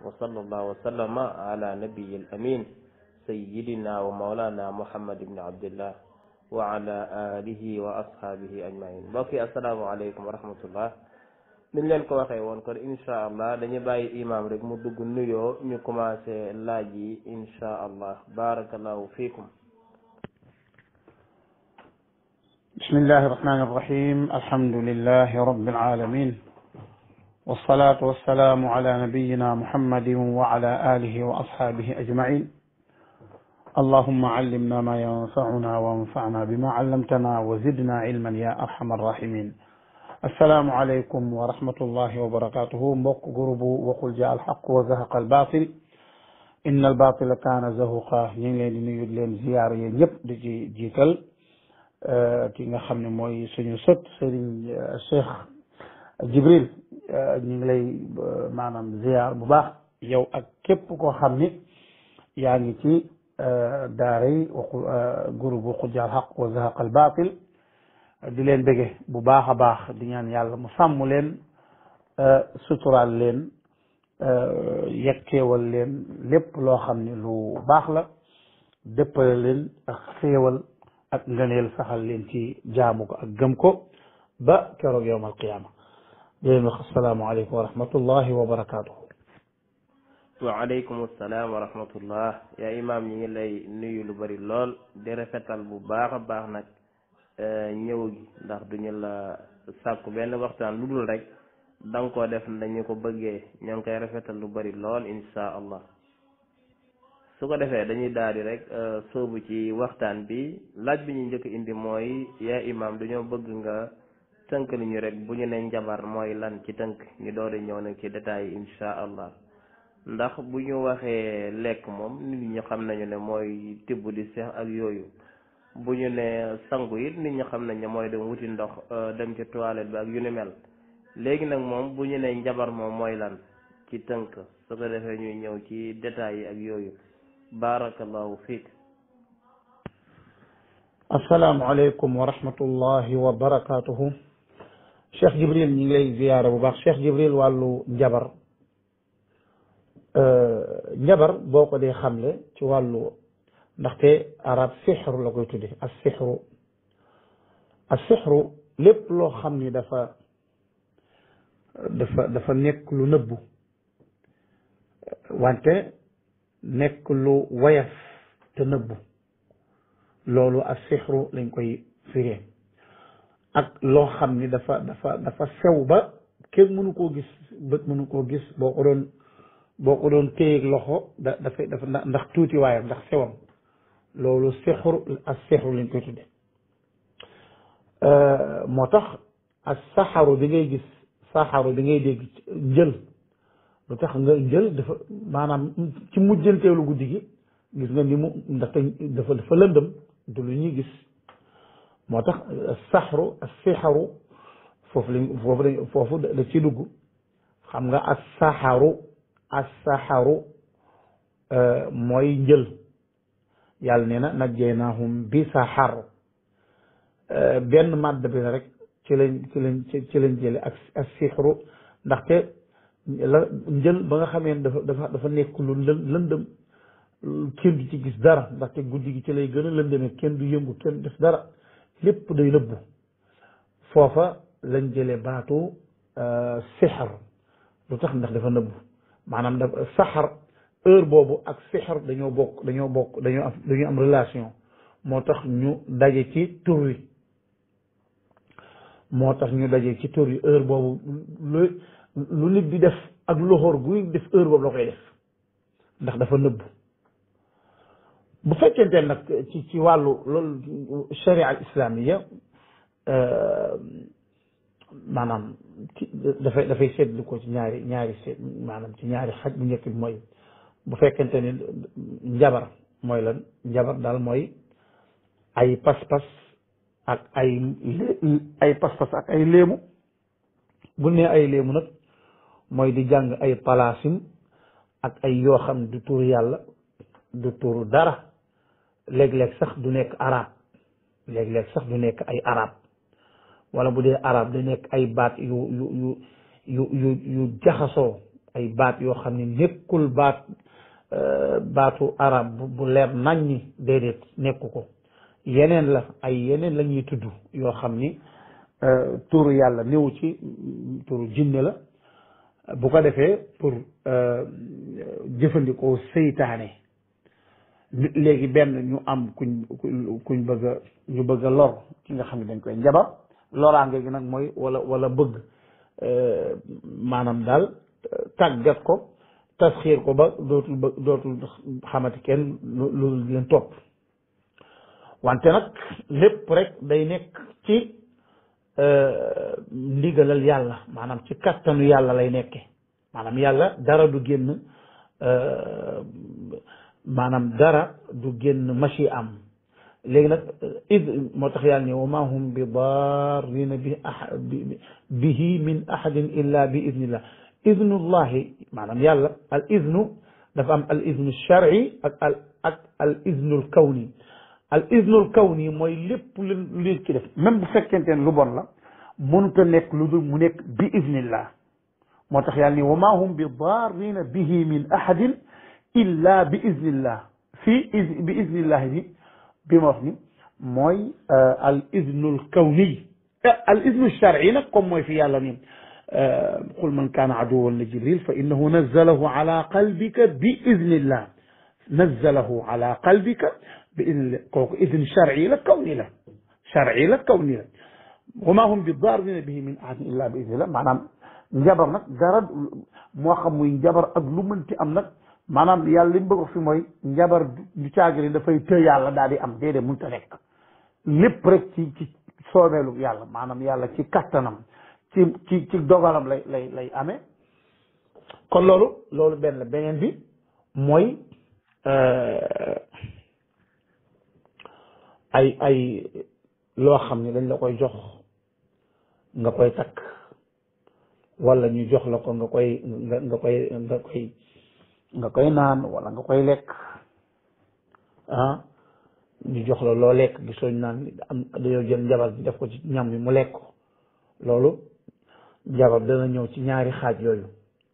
وصلى الله وسلم على نبي الأمين سيدنا ومولانا محمد بن عبد الله وعلى آله وأصحابه أجمعين mbokk yi asalaamaaleykum wa rahmatullah niñ leen ko waxee woon kon incha allah dañu bàyyi imaam rek mu dugg nuyoo ñu commencé laaj yi incha allah barakallahu fiikum bismillahi rahmani rahim alhamdulillahi rabbil alamin والصلاة والسلام على نبينا محمد وعلى آله وأصحابه أجمعين اللهم علمنا ما ينفعنا وانفعنا بما علمتنا وزدنا علما يا أرحم الراحمين السلام عليكم ورحمة الله وبركاته مبوك غروب وقل جاء الحق وزهق الباطل إن الباطل كان زهقا ينلين يدلين زيارة يب دي جيتل كي nga xamne moy suñu sët serigne cheikh jibril ñu ngi lay maanaam ziar bu baax yow ak képp koo xam ni yaa ngi ci euh, daara yi waqu euh, groupe bu xujjaal xaq wa di leen bëgge bu baax a baax di ñaan yàlla mu sàmm leen euh, suturaal leen yekkeewal leen lépp loo xam ni lu baax la dëppale leen ak xéewal ak ngëneel saxal leen ci jaamu ko ak gëm ko ba keroog yowmal qiyaama di leen wax asalaamaaleykum wa rahmatullahi wa barakaatuhu. waaleykum salaam wa rahmatullah nuyu lu bari lool di rafetal bu baax a baax nag eh, ñëw gi ndax duñu benn waxtaan lu dul rek da nga def dañu ko bëggee ñoo ngi koy rafetal lu bari lool insha allah su ko defee dañuy daadi di rek eh, soobu ci waxtaan bi laaj bi ñu njëkk indi mooy yaa imaam dañoo bëgg nga tënk li ñu rek bu ñu nee njabar mooy lan ci tënk ñu doori ñëw nag ci détail insha allah ndax bu ñu waxee lekk moom nit ñi xam nañu ne mooy tibb di seex ak yooyu bu ñu ne sangu it nit ñi xam nañ ne mooy dem wuti ndox euh, dem ci toilette bi ak yu ni mel léegi nag moom bu ñu ne njabar moom mooy lan ci tënk su ko defee ñuy ñëw ci détails yi ak yooyu barakallahu fiik assalaamu aleykum wa wa barakatuhu cheikh jibril ñu ngi lay ziyaara bu baax cheikh jibril wàllu njabar euh, njabar boo ko dee xam xamle ci wàllu ndaxte arab sixru la koy tudde ak sixru ak sixru lépp loo xam ni dafa dafa dafa nekk lu nëbbu wante nekk lu wayaf te nëbbu loolu ak sixru lañ koy firee ak loo xam ni dafa dafa dafa sew ba kenn mënu koo gis bët mënu koo gis boo ko doon boo ko doon téyeeg loxo da dafay dafa ndax tuutiwaayam ndax sewam loolu sexru ak sexru lañ koy tudde euh, moo tax ak saxaru bi ngay gis saxaru bi ngay dégg njël lu tax nga njël dafa maanaam ci mujjanteelu guddi gi gis nga ni mu ndaxte dafa dafa lëndëm du lu ñuy gis moo tax saxru sixaru foofu lañ foofu lañ foofu da ci dugg xam nga ak saxaru as saxaru euh, mooy njël yàlla nee na najjaynaahum bi saxar euh, benn màdd bi rek ci lañ ci lañ ci lañ jële ak as ndaxte la njël ba nga xamee ni dafa dafa dafa nekk lu lëndëm kenn du ci gis dara ndaxte guddi gi ci lay gën a lëndëme kenn du yëngu kenn def dara lépp day lëbbu foofa lañ jële baatu euh, sixar lu tax ndax dafa nëbbu maanaam dafa saxar heure boobu ak sixar dañoo bokk dañoo bokk dañoo am dañoo am relation moo tax ñu daje ci tour wi moo tax ñu daje ci tour yi heure boobu lu lu nit di def ak loxoor guy def heure boobu la koy def ndax dafa nëbbu bu fekkente nag ci ci wàllu loolu sharia al islamiya euh, maanaam ki dafay dafay seetlu ko ci ñaari ñaari seet maanaam ci ñaari xaj bu njëkk bi mooy bu fekkente ni njabar mooy la njabar daal mooy ay pas-pas ak ay ay pas-pas ak ay léemu bu nee ay léemu nag mooy di jàng ay palaasim ak ay yoo xam du tuur yàlla du tuur dara léeg-léeg sax du nekk arab léeg-léeg sax du nekk ay arab wala bu dee arab da nekk ay baat yu yu yu yu yu jaxasoo ay baat yoo xam ne nekkul baat euh, baatu arab bu leer nañ ñi déedéet nekku ko yeneen la ay yeneen lañuy tudd yoo xam ni euh, turu yàlla néew ci turu jinne la bu ko defee pour euh, jëfandikoo seytaane léegi benn ñu am kuñ kuñ bëgg a ñu bëgg a lor ki nga xam ne dañ koy njabar loraange gi nag mooy wala wala bëgg euh, maanaam daal euh, tàggat ko tasxiir ko ba dootul ba dootul xamati kenn loolu di leen topp wante nag lépp rek day nekk ci euh, ndigalal yàlla maanaam ci kattanu yàlla lay nekke maanaam yàlla dara du génn maanaam dara du génn machi am léegi nag id moo tax yàlla ne wa ma hum bi darrina bi a ah-, bihi min ahadin illa bi idnillah idnullahi maanaam yàlla al idnu dafa am al idnu shar'i ak al ak al idnu al kawni al idnu al kawni mooy lépp lu li ci def même bu fekkente ne lu bon la mënut a nekk lu dul mu nekk bi idnillah moo tax yàlla ne wa ma hum bi darrina bihi min ahadin illa bi iznillah fii iz bi iznillah bi bi ma wax ni mooy euh, al iznul kawni eh, al iznu shar'i nag comme mooy fi yàlla ni euh, qul man kaana aduwwan li jibril fa innahu nazzalahu ala qalbika bi iznillah nazzalahu ala qalbika bi iznillah kooku izn shar'i la kawni la shar'i la kawni la wa maa hum bi daarrina bihi min ahadin illa bi iznillah maanaam njabar nag dara moo xam muy njabar ak lu mënti am nag maanaam yàlla li mu bëgg fi mooy njabar du caagri dafay tëy yàlla daal di am déedéet mënut a nekk lépp rek ci ci soobeelu yàlla maanaam yàlla ci kattanam ci ci ci dogalam lay lay lay amee kon loolu loolu benn la beneen bi mooy euh, ay ay loo xam ni dañ la koy jox nga koy takk wala ñu jox la ko nga koy nga koy nga koy nga koy naan wala nga koy lekk ah ñu jox la loo lekk gis ñu naan dañoo jël njabar bi def ko ci ñam wi mu lekk loolu njabar dana ñëw ci ñaari xaaj yooyu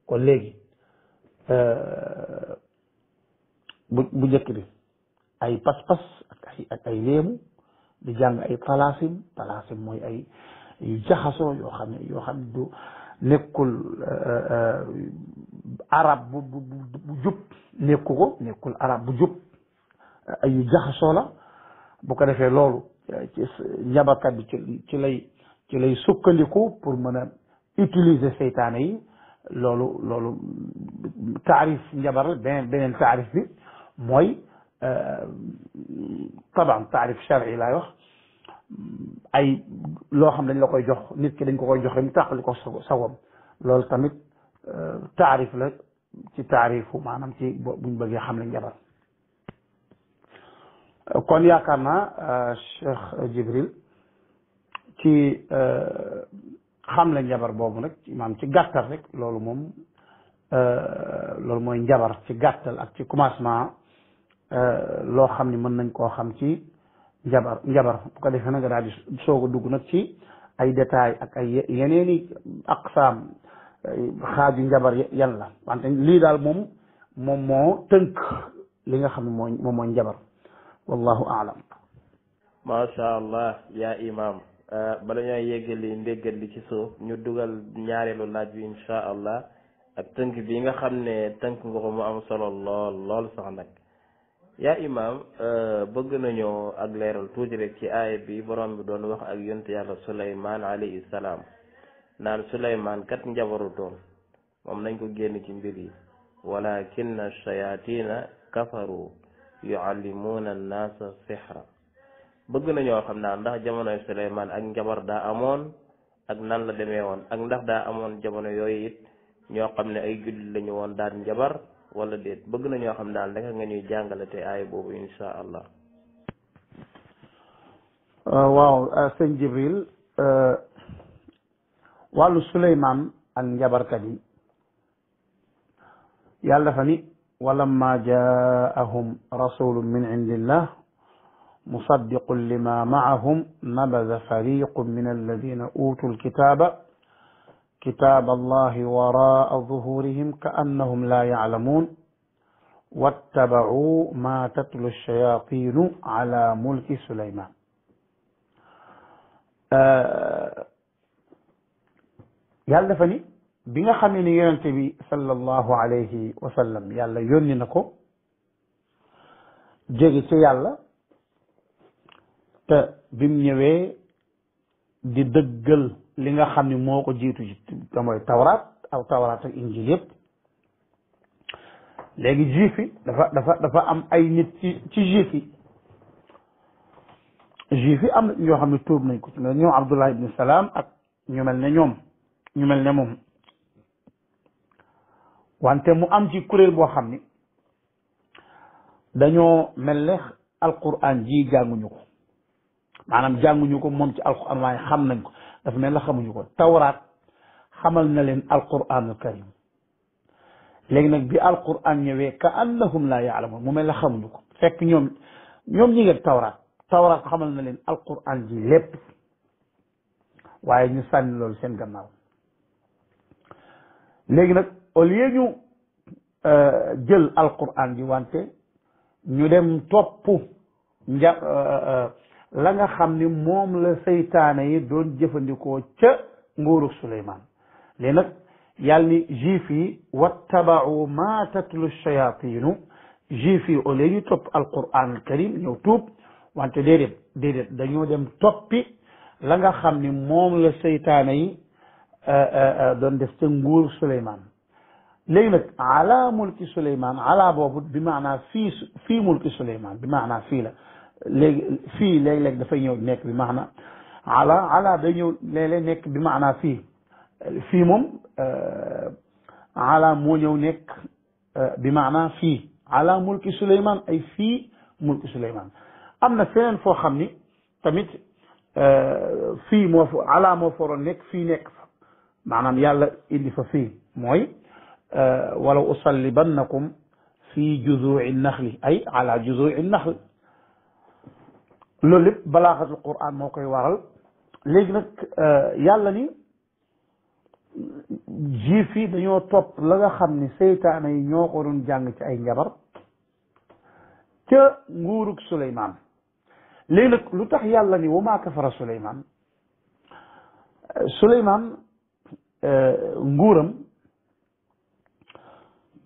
kon léegi eh, bu bu njëkk bi ay pas-pas ak ay ak ay léemu di jàng ay palaasim palaasim mooy ay yu jaxasoo yoo xam ne yoo xam ne du nekkul eh, eh, arab bu bu bu jub nekku ko nekkul arab bu jub ay yu jaxasoo la bu ko defee loolu eh, ci njabarkat bi ci ci lay ci lay sukkandiku pour mën a utiliser seytaane yi loolu loolu taarif njabar beneen beneen taarif bi mooy eh, taban taarif shar'i laay wax ay loo xam dañ la koy jox nit ki dañ ko koy jox rek mu tàqali ko loolu tamit taarif la ci taarifu maanaam ci buñ bëggee xam le njabar kon yaakaar naa euh, Cheikh Jibril ci euh, xam le njabar boobu nag maanaam ci gàttal rek loolu moom euh, loolu mooy njabar ci gàttal ak ci commencement loo xam ni mën nañ koo xam ci njabar njabar bu ko defee nag daal di soog dugg nag ci ay détails ak ay yeneeni aqsaam xaaju njabar yan la wante lii daal moom moom moo tënk li nga xam ne moo moom mooy njabar wallahu aalam macha allah yaa imam euh, bala ñoo yéggali ndéggal li ci suuf ñu dugal ñaareelu laaj bi incha allah ak tënk bi nga xam ne tënk nga ko mu am solo lool lool sax nag yaa imam euh, bëgg nañoo ak leeral tuuti rek ci aaya bi borom bi doon wax ak yonent yàlla suleyman alayhi salaam naan suleymaan kat njabaru toon moom nañ ko génn ci mbir yi a shayatina kafaru yuallimuuna annaasa sihra bëgg nañoo xam naa ndax jamonoy suleymaan ak njabar daa amoon ak nan la demee woon ak ndax daa amoon jamono yooyu ñoo xam ne ay jullit lañu woon daal njabar wala déet bëgg ñoo xam daal naka nga ñuy jàngale te aay boobu insha allah ah, waaw ah, sëñ Jibril euh, wàllu suleymaan ak njabarkat yi yàlla dafa ni walamma jaahum rasulun min indillah musaddiqun lima maahum nabada fariqun min alladina utu lkitaba kitaaba allahi waraa zuhurihim ka annahum la yaclamuun wattabacuu ma tatlu alshayatinu ala mulki suleymaan yàlla dafa ni bi nga xam ne ni bi sallallahu alayhi wa sallam yàlla yónni na ko jóge ci yàlla te bim ñëwee di dëggal li nga xam ni moo ko jiitu ci te mooy tawraat aw tawraat ak injil yépp léegi juif dafa dafa dafa am ay nit ci ci juif am na xam ne tuub nañ ko ci ñoom Abdullah ibn Salaam ak ñu mel ne ñoom ñu mel ne moom wante mu am ci kuréel boo xam ni dañoo mel ne alquran ji jànguñu ko maanaam jànguñu ko moom ci alquran waaye xam nañ ko dafa mel la xamuñu ko tawraat xamal na leen alquran alkarim léegi nag bi alquran ñëwee ka annahum la mel la xamuñu ko fekk ñoom ñoom ñi xamal na leen alquran ji lépp waaye ñu sànni loolu seen gannaaw léegi nag au lieu ñu euh, jël alquran ji wante ñu dem topp nja euh, euh, la nga xam ni moom la seytaane yi doon jëfandikoo ca nguuru Suleymaan léegi nag yàlla ni juif yi wattabau ma tatlu shayatinu juif yi au lieu ñu topp alquran karim ñëw tuub wante déedéet déedéet dañoo dem toppi la nga xam ni moom la seytaane yi doon def ca nguur Souleymane léegi nag ala mulki Souleymane ala boobu bi maanaa fii fii mulki Souleymane bi maanaa fii la léegi fii léeg dafay ñëw nekk bi maanaa ala ala day ñëw léeg nekk bi maanaa fii fii moom euh, ala moo ñëw nekk euh, bi fii ala mulki ay fii mulki am na feneen foo xam ni tamit euh, fii moo fa ala moo fa waroon maanaam yàlla indi fa fii mooy euh, walaw usallibannakum fi juzui naxli ay ala juzui naxl loolu lépp balaaxatul quran moo koy waral léegi nag euh, yàlla ni juif yi dañoo topp la nga xam ni seytaane yi ñoo ko doon jàng ci ay njabar ca nguurug Suleymaan léegi nag lu tax yàlla ni wa maa kafara Suleymaan Suleymaan Euh, nguuram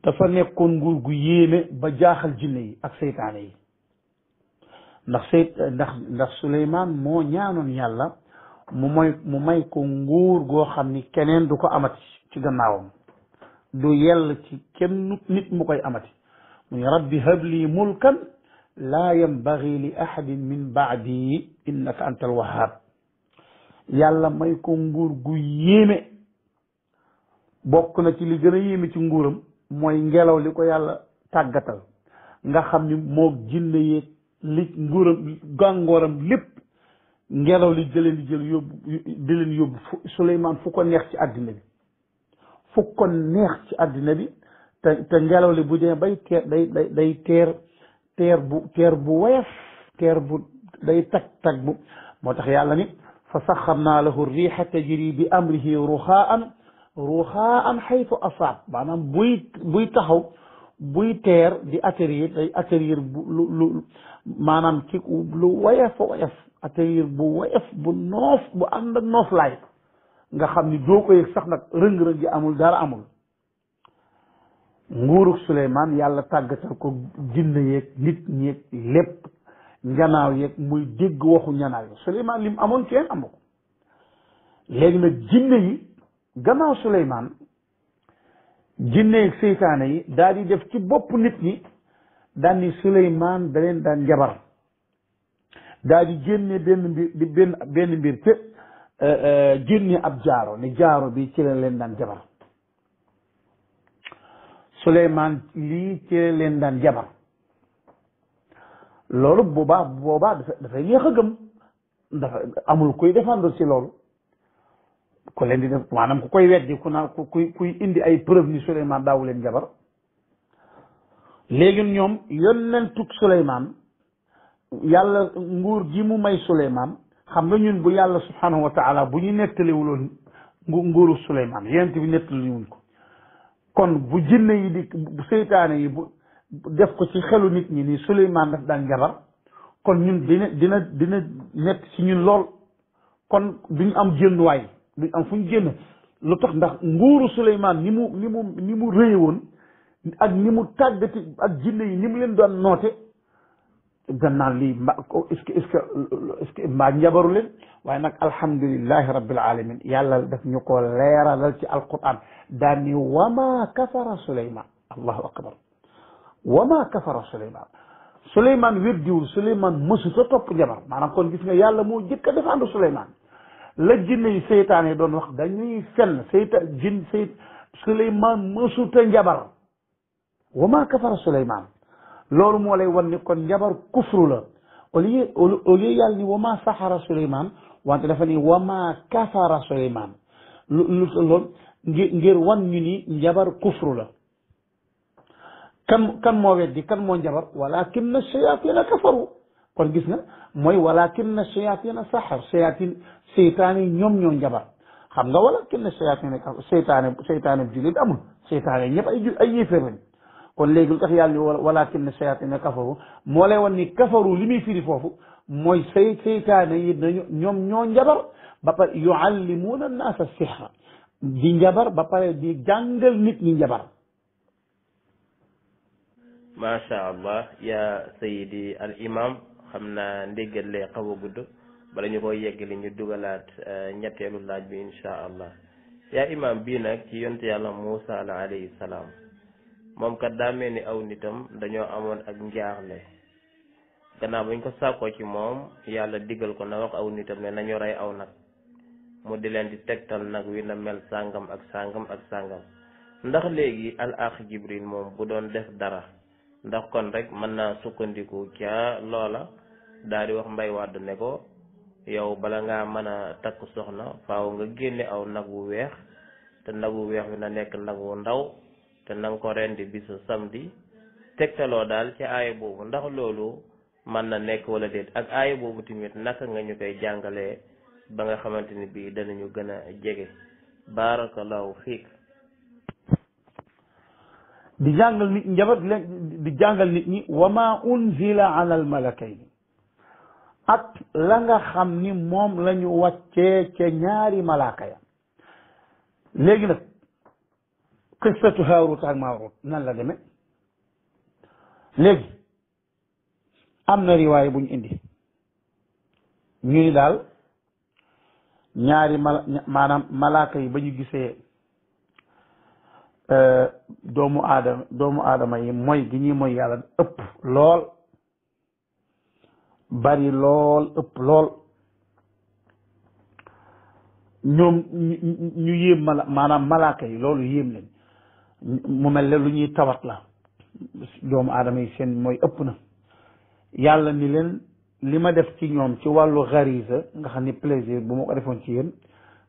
dafa nekkoon nguur gu yéeme ba jaaxal jinne yi ak seytaane yi ndax seyt ndax ndax Suleymaan moo ñaanoon yàlla mu may mu may ko nguur goo xam ni keneen du ko amati ci gannaawam du yell ci kenn nit mu koy amati muy rabbi habli mulkan laa yambagi li ahadin min baadi innaka anta alwahaab yàlla may ko nguur gu yéeme bokk na ci li gën a yéeme ci nguuram mooy ngelaw li ko yàlla tàggatal nga xam ni moo jinne yeeg li nguuram gàngooram lépp ngelaw li da leen di jël yóbbu di yóbbu Suleymaan fu ko neex ci àddina bi fu ko neex ci àddina bi te te ngelaw li bu dee bay teer day teer teer bu teer bu woyof teer bu day tag tag bu moo tax yàlla ni fa saxarnaa lahu riixa tajri bi amrihi ruxaan ruuxa an xaytu asaab maanaam buy buy taxaw buy teer di atterrir day atterrir bu lu lu maanaam ci lu woyof a woyof bu woyof bu noof bu ànd ak noof laay nga xam ni doo ko yëg sax nag rëng-rëng yi amul dara amul nguurug Suleymaan yàlla tàggatal ko jinne yeeg nit ñeeg lépp njanaaw yeeg muy dégg waxu njanaaw yi Suleymaan lim amoon kenn amu ko nag jinne yi gannaaw Suleymaan jinneeg seytaane yi daal di def ci bopp nit ñi daal ni Suleymaan da leen daan njabar daal di génne benn mbir di benn benn mbir te euh, euh, génne ab jaaro ne jaaro bi ci leen daan jabar Suleymaan lii ci leen daan jabar loolu boobaa boobaa dafa dafay neex a gëm dafa amul koy défendre ci loolu ku leen maanaam ku koy weddi ku naa ku indi ay preuve ni Souleymane daawu leen ñoom yonentug Souleymane yàlla nguur gi mu may Souleymane xam nga ñun bu yàlla subhanahu bu ñu nettaliwuloon nguuru Souleymane yonent bi nettaliwuñ ko kon bu jinne yi di seytaane yi bu def ko ci xelu nit ñi ni Souleymane daf daan jabar kon ñun dina dina dina nekk ci ñun lool kon duñu am jënduwaay duñ am fu ñu génn tax ndax nguuru Souleymane ni mu ni mu ni mu woon ak ni mu tàggati ak jinne yi ni mu leen doon noote gannaaw li mba jabaru leen waaye nag alhamdulillahi rabbil alamin yàlla daf ñu ko leeralal ci alquran daan ni wama kafara Souleymane allahu akbar ma kafara Souleymane Souleymane weddiwul Souleymane mësu sa topp njabar maanaam kon gis nga yàlla moo jëkk a défendre Souleymane la jinne yi seytaan doon wax dañuy fenn seytaan jin seyt suleymaan mësuta njabar wa kafara suleymaan loolu moo lay wan ni kon njabar kufru la au lieu au lieu yàlla ni wa maa saxara suleymaan wante dafa ni wa kafara suleymaan loolu ngir ngir wan ñu ni njabar kufru la kan kan moo weddi kan moo njabar walakinna shayatina kafaru kon gis nga mooy walaakinna shayaatiina saxar shayaatiin seytaan yi ñoom ñoo njabar xam nga walaakinna shayaatiina seytaane seytaane jullit amul seytaane ñëpp ay ju ay yéeféer lañ kon léegi lu tax yàlla ni walaakinna shayaatiina kafaru moo lay wan ni kafaru li muy firi foofu mooy say seytaane yi dañu ñoom ñoo njabar ba pare yuallimuuna di njabar jàngal nit ñi njabar. macha allah ya sayidi al xam naa ndéggal lee a gudd bala ñu koy yeggali ñu dugalaat eh, ñetteelu laaj bi insha allah yaa imaam bii nag ci yonte yàlla Muusa la alayhi salaam moom kat daa mel ni aw nitam dañoo amoon ak njaaxle gannaaw bañ ko sàkkoo ci moom yàlla digal ko na wax aw nitam ne nañu rey aw nag mu di leen di tegtal nag wi na mel sàngam ak sàngam ak sàngam ndax léegi al ax jibril moom bu doon def dara ndax kon rek mën naa sukkandiku ca loola daal di wax mbay wàdd ne ko yow bala ngaa mën a takk soxna faaw nga génne aw nag wu weex te nag wu weex bi na nekk nag wu ndaw te na nga ko rendi bisu samedi tegtaloo daal ci aaya boobu ndax loolu mën na nekk walla déet ak aaya boobu timit naka nga ñu koy jàngalee ba nga xamante ni bii danañu gën a jege barakallahu fiik di jàngal nit di jàngal nit ñi wa unzila ala al malakayni ak la nga xam ni moom lañu ñu wàccee ca ñaari malaaka ya léegi nag qissatu haarut ak maarut nan la demee léegi am na bu ñu indi ñu ni daal ñaari malaaka yi ba ñu gisee Euh, doomu aadama doomu aadama yi mooy gi ñuy mooy yàlla ëpp lool bari lool ëpp lool ñoom ñu yéem mala maanaam malaaka yi loolu yéem leen mu mel ne lu ñuy tawat la doomu aadama yi seen mooy ëpp na yàlla ni leen li ma def ci ñoom ci wàllu xarisa nga xam ni plaisir bu ma ko defoon ci yéen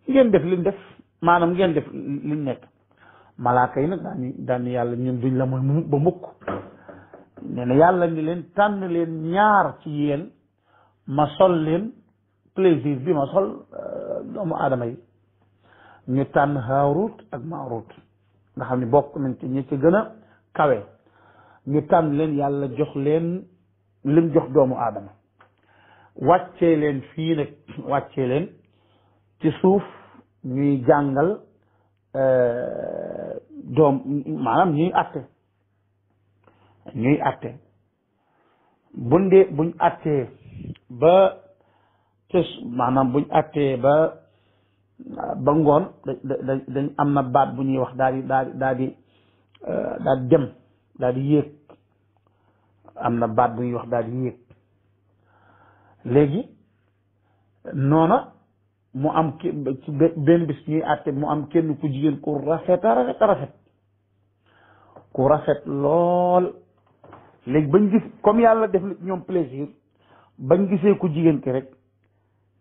ngeen def liñ def maanaam ngeen def liñ nekk malaaka yi nag daañu yàlla ñun duñ la mooy ba mukk nee yàlla ni leen tànn leen ñaar ci yéen ma sol leen plaisir bi ma sol euh, doomu aadama yi ñu tànn haarut ak maarut nga xam ne bokk nañ ci ñi ci gën a kawe ñu tànn leen yàlla jox leen lim jox doomu aadama wàccee leen fii nag wàccee leen ci suuf ñuy jàngal euh, doom maanaam ñuy atte ñuy atte buñ dee buñ attee ba tes maanaam buñ attee ba ba ngoon da dañ am na baat bu ñuy wax daal di daal di daal dem euh, daal di yéeg am na baat bu ñuy wax daal di yéeg léegi noona mu am benn bis ñuy àtte mu am kenn ku jigéen ku rafet a rafet ku rafet lool léegi bañ gis comme yàlla def ñoom plaisir bañ gisee ku jigéen ki rek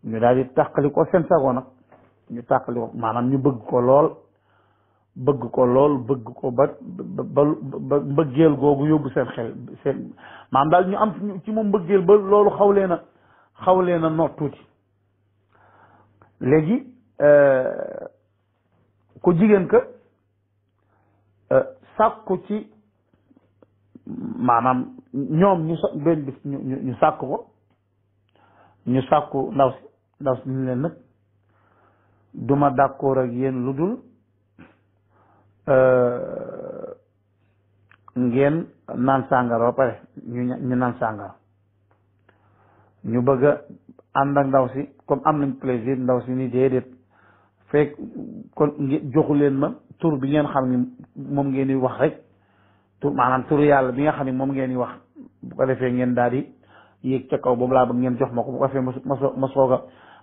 ñu daal di tàqali ko seen sago nag ñu tàqali maanaam ñu bëgg ko lool bëgg ko lool bëgg ko ba ba ba mbëggeel googu yóbbu seen xel seen maanaam daal ñu am ci moom mbëggeel ba loolu xawlee na xawlee na noot tuuti léegi euh, ku jigéen ka euh, sàkku ci maanaam ñoom ñu so benn bis ñu ñu sàkk ko ñu sàkku ndaw si ndaw si ñu leen nag duma d'accord ak yéen lu dul euh, ngeen naan sàngara ba pare ñu ñu naan sàngara ñu bëgg ànd ak ndaw si comme am nañ plaisir ndaw si ni déedéet fekk kon joxu leen ma tur bi ngeen xam ni moom ngeen di wax rek tour maanaam tur yàlla bi nga xam ni moom ngeen di wax bu ko defee ngeen daal di yéeg ca kaw boobu laa bëgg ngeen jox ma ko bu ko defee ma ma soog a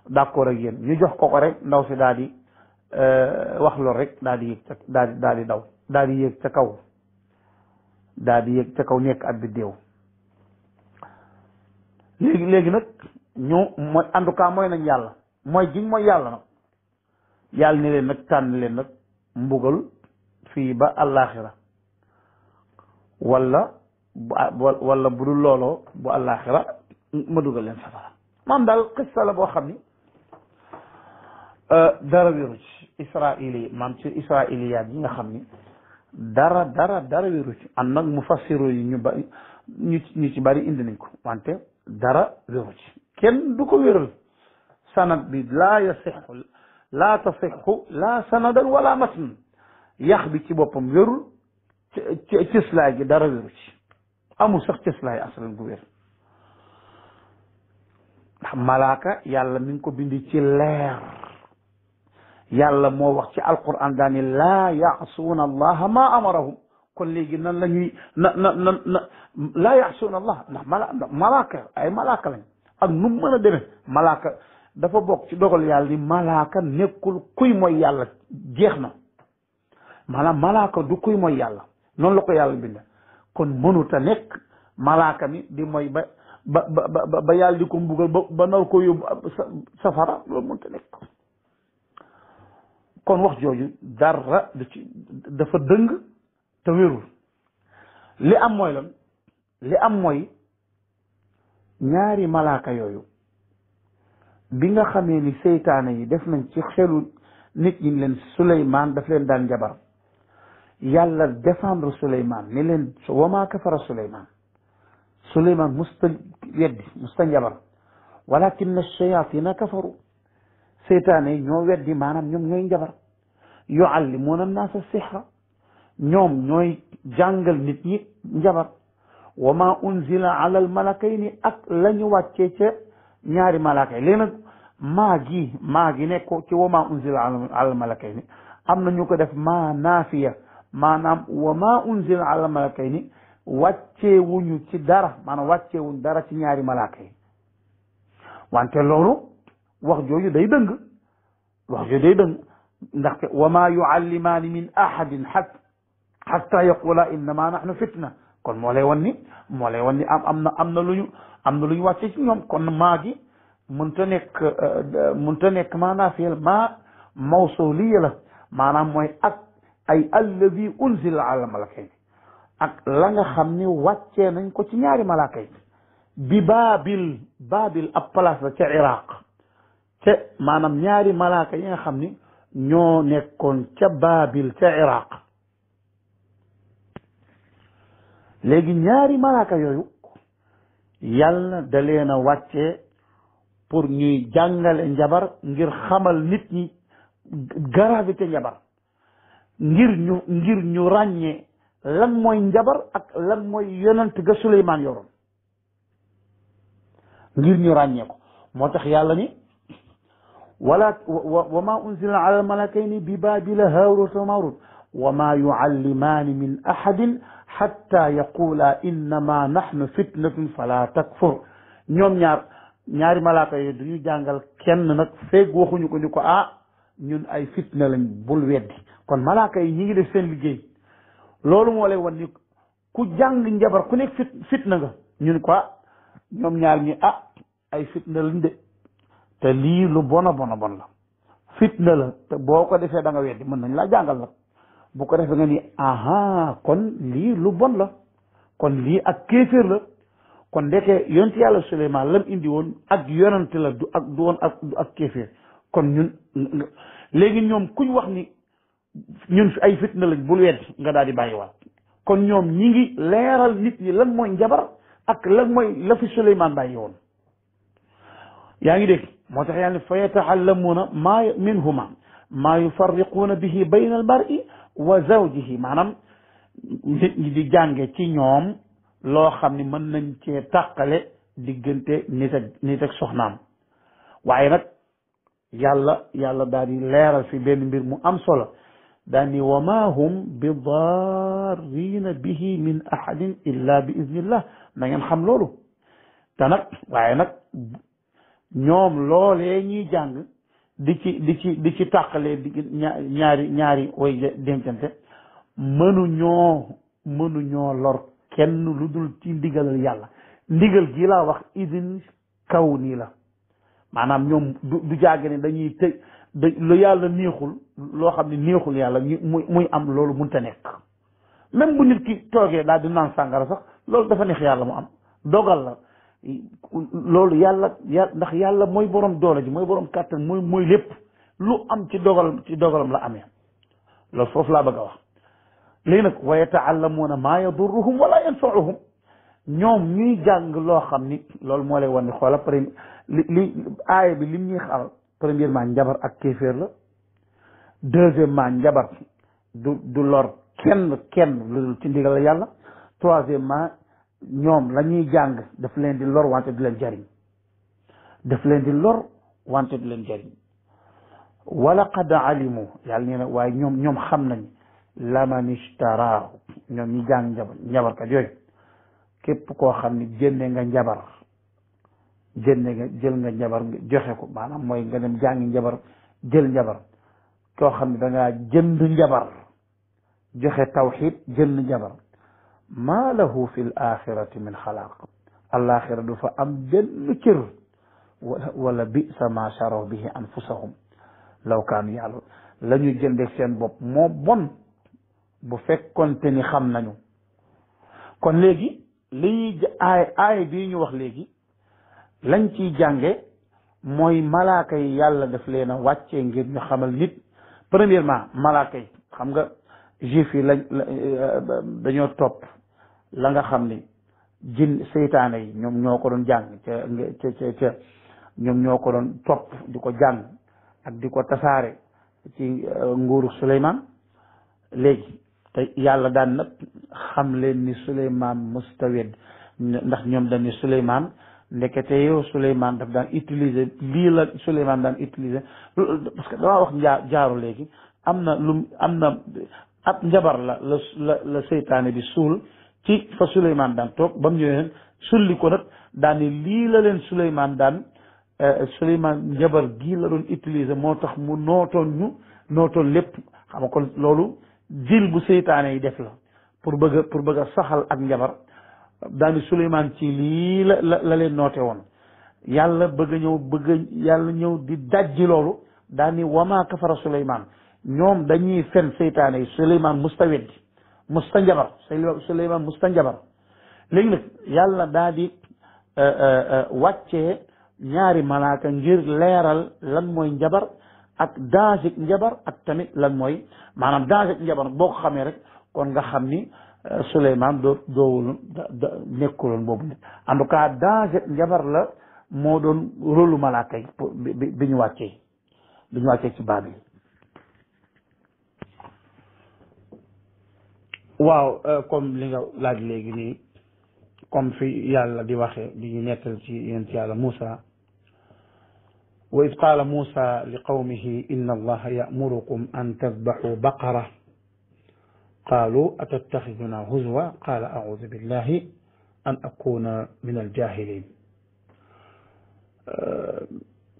d'accord ak yéen ñu jox ko ko rek ndaw si daal euh, wax lool rek daal di daal di daal daal di yéeg ca kaw daal yéeg kaw nekk ak biddéew léegi léegi nag ñu mooy en tout cas mooy nañ yàlla mooy giñ mooy yàlla nag yàlla ne leen nag tànn leen nag mbugal fii ba àllaaxira wala wala bu dul looloo bu àllaaxira ma dugal leen safara maam daal xissa la boo xam ni euh, dara wéru ci israili maam ci israiliyaat yi nga xam ni dara dara dara wéru ci am nag mufassiru yi ñu ba ñu ñu ci bari indi nañ ko wante dara wéru ci kenn du ko wéral sanad bi laa yasixu laa tasixu laa sanadan wala matn yax bi ci boppam wérul cëslaay gi dara wéru ci amul sax cëslaay asalan gu wér ndax malaaka yàlla mi ngi ko bindi ci leer yàlla moo wax ci alquran daani laa yaasuuna allaha maa amarahum kon léegi nan la ñuy na na na na laa yaasuuna allah ndax mala malaaka ay malaaka lañ ak nu mu mën a demee malaaka dafa bokk ci dogal yàlla di malaaka nekkul kuy mooy yàlla jeex na maanaam malaaka du kuy mooy yàlla noonu la ko yàlla bind kon mënut a nekk malaaka mi di mooy ba ba ba ba yàlla di ko mbugal ba ba nar ko yóbbu safara loolu mënut nekk kon wax jooju dara du ci dafa dëng te wérul li am mooy lan li am mooy ñaari malaaka yooyu bi nga xamee ni seytaane yi def nañ ci xelu nit ñi leen Suleymaan daf leen daan jabar yàlla défendre Suleymaan ni leen wamaa kafara Suleymaan Suleymaan musta weddi musta njabar walakinna shayatina kafaru seytaane yi ñoo weddi maanaam ñoom ñooy njabar yuallimuuna naasa sixra ñoom ñooy jàngal nit ñi njabar wa ma unzila ala almalakayni ak la ñu wàccee ñaari malaaka yi léegi nag maa gi maa gi nekk ci wa maa unzila alal malakayni am na ñu ko def ma naafiya maanaam wa maa unzila alal malakayni wàcceewuñu ci dara maanaam wàcceewuñu dara ci ñaari malaaka yi wante loolu wax jooju day dëng wax jooju day dëng ndaxte wa maa yuallimaani min ahadin xatta yaqula innama nahnu fitna kon moo lay wan ni na am na lu ñu am na lu ñu wàcce ci ñoom kon maa gi mënta nekk euh, mënta nekk maanaa fiyel maa mawsuliya la maanaam mooy ak ay allazi unzila ala malakayni ak la nga xam ni wàccee nañ ko ci ñaari malaaka yi bi baabil baabil ab place la ca iraq ca maanaam ñaari malaaka yi nga xam ni ñoo nekkoon ca baabil ca iraq léegi ñaari malaaka yooyu yàlla da leen a wàccee pour ñuy jàngale njabar ngir xamal nit ñi gravité njabar ngir ñu ngir ñu ràññee lan mooy njabar ak lan mooy yonent ga Suleymaan yoroon ngir ñu ràññee ko moo tax yàlla ni wala wa ma unzila ala al malakayni bi baabila haaruta wa maarut wa ma yuallimaani min ahadin xatta yaqula innama nahnu fitnatun fala takfur ñoom ñaar ñaari malaaka yooyu du ñu jàngal kenn nag feeg waxuñu ko ñu ko ah ñun ay fitna lañ bul weddi kon malaaka yi ñi ngi def seen liggéey loolu moo lay wan ni ku jàng njabar ku nekk fit fitna nga ñun ko ah, ñoom ñaar ñi ah ay fitna lañ de te lii lu bona bona bon la fitna la te boo ko defee da nga weddi mën nañ laa jàngal nag bu ko defee nga ni aha kon lii lu bon la kon lii ak kéeféer la kon ndeke yonent yàlla Suleymaan lam indi woon ak yonante la du ak du woon ak du ak kon ñun léegi ñoom kuñ wax ni ñun fi ay fitna lañ bul weddi nga daal di bàyyiwaat kon ñoom ñi ngi leeral nit ñi mooy njabar ak lan mooy la fi Suleymaan bàyyi woon yaa ngi dégg moo tax yàlla fa yataxallamuuna maa minhuma maa yufarriquuna bihi bayna mar'i wa zawjihi maanaam nit ñi di jànge ci ñoom loo xam ni mën nañ cee tàqale diggante nit ak soxnaam waaye nag yàlla yàlla daal di leeral fi benn mbir mu am solo daal ni wa ma hum bi darrina bihi min ahadin illa bi idnillah na ngeen xam loolu te nag waaye nag ñoom loolee ñuy jàng di ci di ci di ci tàqalee di ñaari ñaari way dencante mënu ñoo mënu ñoo lor kenn lu dul ci ndigalal yàlla ndigal gii laa wax idin kaw nii la maanaam ñoom du du jàgg ne dañuy tëj lu yàlla neexul loo xam ne neexul yàlla muy muy am loolu munta nekk même bu nit ki toogee daal di naan sàngara sax loolu dafa neex yàlla mu am dogal la loolu yàlla yàlla ndax yàlla mooy borom doole ji mooy borom kàttan mooy mooy lépp lu am ci dogal ci dogalam la amee loolu foofu laa bëgg a wax léegi nag wa yataallamuuna maa yadurruhum wala yanfauhum ñoom ñuy jàng loo xam ni loolu moo lay wan ni xoola pare li li aaya bi lim ñuy xaral premièrement njabar ak kéeféer la deuxièmement njabar du du lor kenn kenn lu dul ci ndigal yàlla troisièmement ñoom lañuy jàng daf leen di lor wante du leen jariñ daf leen di lor wante du leen jariñ wala qad alimu yàlla nee na waaye ñoom ñoom xam nañ laman ishtaraahu ñoom ñi jàng njabar njabarkat képp koo xam ne génne nga njabar génne jël nga njabar joxe ko maanaam mooy nga dem jàngi njabar jël njabar koo xam ne dangaa jënd njabar joxe tawxid jënd jabar maa lahu fi l axirati min xalaaq al'axira du fa am benn cër wala bi sa ma charo bihi anfusahum law kaanu yàlla la ñu seen bopp moo bon bu fekkonte ni xam nañu kon léegi li ñuy aay bii ñu wax léegi lañ ci jànge mooy malaaka yi yàlla def leen a wàccee ngir ñu xamal nit premièrement malaaka xam nga juif yi lañ euh, dañoo topp la nga xam ni jin seytaane yi ñoom ñoo ko doon jàng ca ñoom ñoo ko doon topp di ko jàng ak di ko tasaare ci euh, nguuru Suleymaan léegi te yàlla daan nag xam leen ni Suleymaan mustawed ndax ñoom dañu Suleymaan ndekete yow Suleymaan daf daan utiliser lii la Suleymaan daan utiliser parce que damaa wax njaa jaaru léegi am na lu am na ab njabar la la la seytaane bi suul ci fa Souleymane daan toog bam mu ñëwee sulli ko nag daan ni lii la leen Souleymane daan eh, Souleymane njabar gii la doon utiliser moo tax mu nootoon ñu nootoon lépp xam nga kon loolu dil bu seytaane yi def la pour bëgg pour bëgg a saxal ak njabar daan ni Souleymane ci lii la la la leen noote woon yàlla bëgg ñëw bëgg yàlla ñëw di dajji loolu daan di wamaa kafara Souleymane ñoom dañuy fen seytaane yi Souleymane mustaweddi mustanjabar Suleymaan mustanjabar léegi nag yàlla daa di wàccee ñaari malaaka ngir leeral lan mooy njabar ak daasig njabar ak tamit lan mooy maanaam daasig njabar boo xamee rek kon nga xam ni Suleymaan doo doowuloon da nekkuloon boobu nit en tout njabar la moo doon rôlu malaaka yi ñu wàccee bi ñu wàccee ci baab yi waaw euh, comme li nga laaj léegi nii comme fi yàlla di waxe di ñu nettal ci yonent yàlla Muusa wa id qaala Muusa li qawmihi inna allaha yamurukum an tadbaxu baqara qaalu atattaxiduna huzwa qaala audu billahi an akuna min aljahilin euh,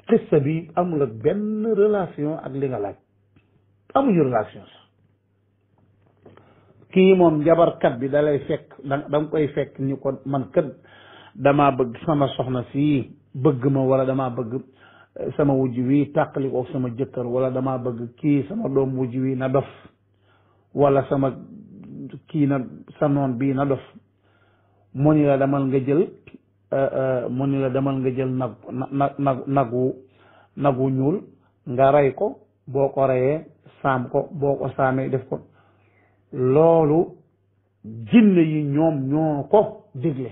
qissa bi amul benn relation ak li nga laaj amuñu relation kii moom njabarkat bi da lay fekk da koy fekk ni ko man kat damaa bëgg sama soxna sii bëgg ma wala damaa bëgg eh, sama wujj wi tàqalikoo sama jëkkër wala damaa bëgg kii sama doom wujj wii na dof wala sama kii na sa noon bii na dof mu la demal nga jël eh, eh, mu la demal nga jël nag na nag wu ñuul nga rey ko boo ko reyee saam ko boo ko saamee def ko loolu jinne yi ñoom ñoo ko digle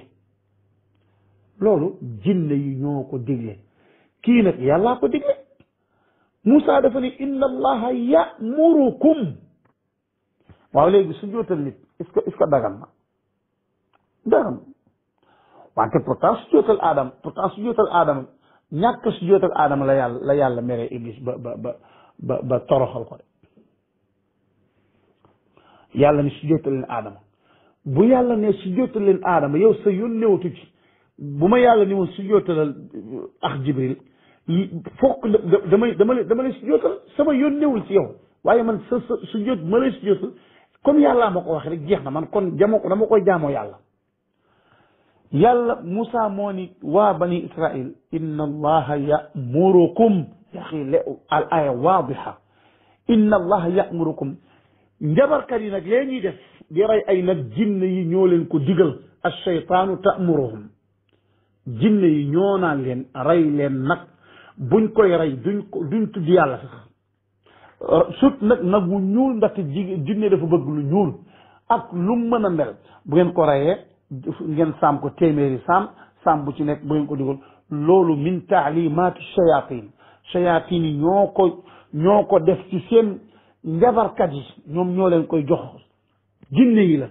loolu jinne yi ñoo ko digle kii nag yàllaa ko digle Moussa dafa ne inna allaha yamurukum waaw léegi su jootal nit est-ce que est-ce wante pourtant su jootal aadama pourtant su jootal aadama ñàkk su aadama la yàlla la yàlla mere iblis ba ba ba ba toroxal ko de yàlla ne sujjóotal leen aadama bu yàlla ne sujjóotal leen aadama yow sa yóon newatu ci bu ma yàlla ni woon sujjóotalal euh, ak jibril fokk damay dama la dama lay sujjóotal sama yóon newul ci yow waaye man sa sa sujjóot ma lay sujjóotal comme yàllaa ma ko wax rek jeex na man kon jamoo ko dama koy jaamoo yàlla yàlla Moussa moo ni waa bani Israil inna allaha yamurukum yaxi le al aya waadiha inna allaha yamurukum njabarkat yi nag lee ñuy def di rey ay nag jinne yi ñoo leen ko digal ashaytaanu ta'muruhum jinne yi ñoo naa leen rey leen nag buñ koy rey duñ ko duñ tudd yàlla sax euh, sut nag nag wu ñuul ndaxte ji jinne dafa bëgg lu ñuul ak lu mën a mel bu ngeen ko reyee ngeen saam ko téeméeri saam saam bu ci nekk bu ngeen ko digal loolu min taalimaati shayatin shayatin ñoo ko ñoo ko def ci seen njabarkat yi ñoom ñoo leen koy jox jinne yi la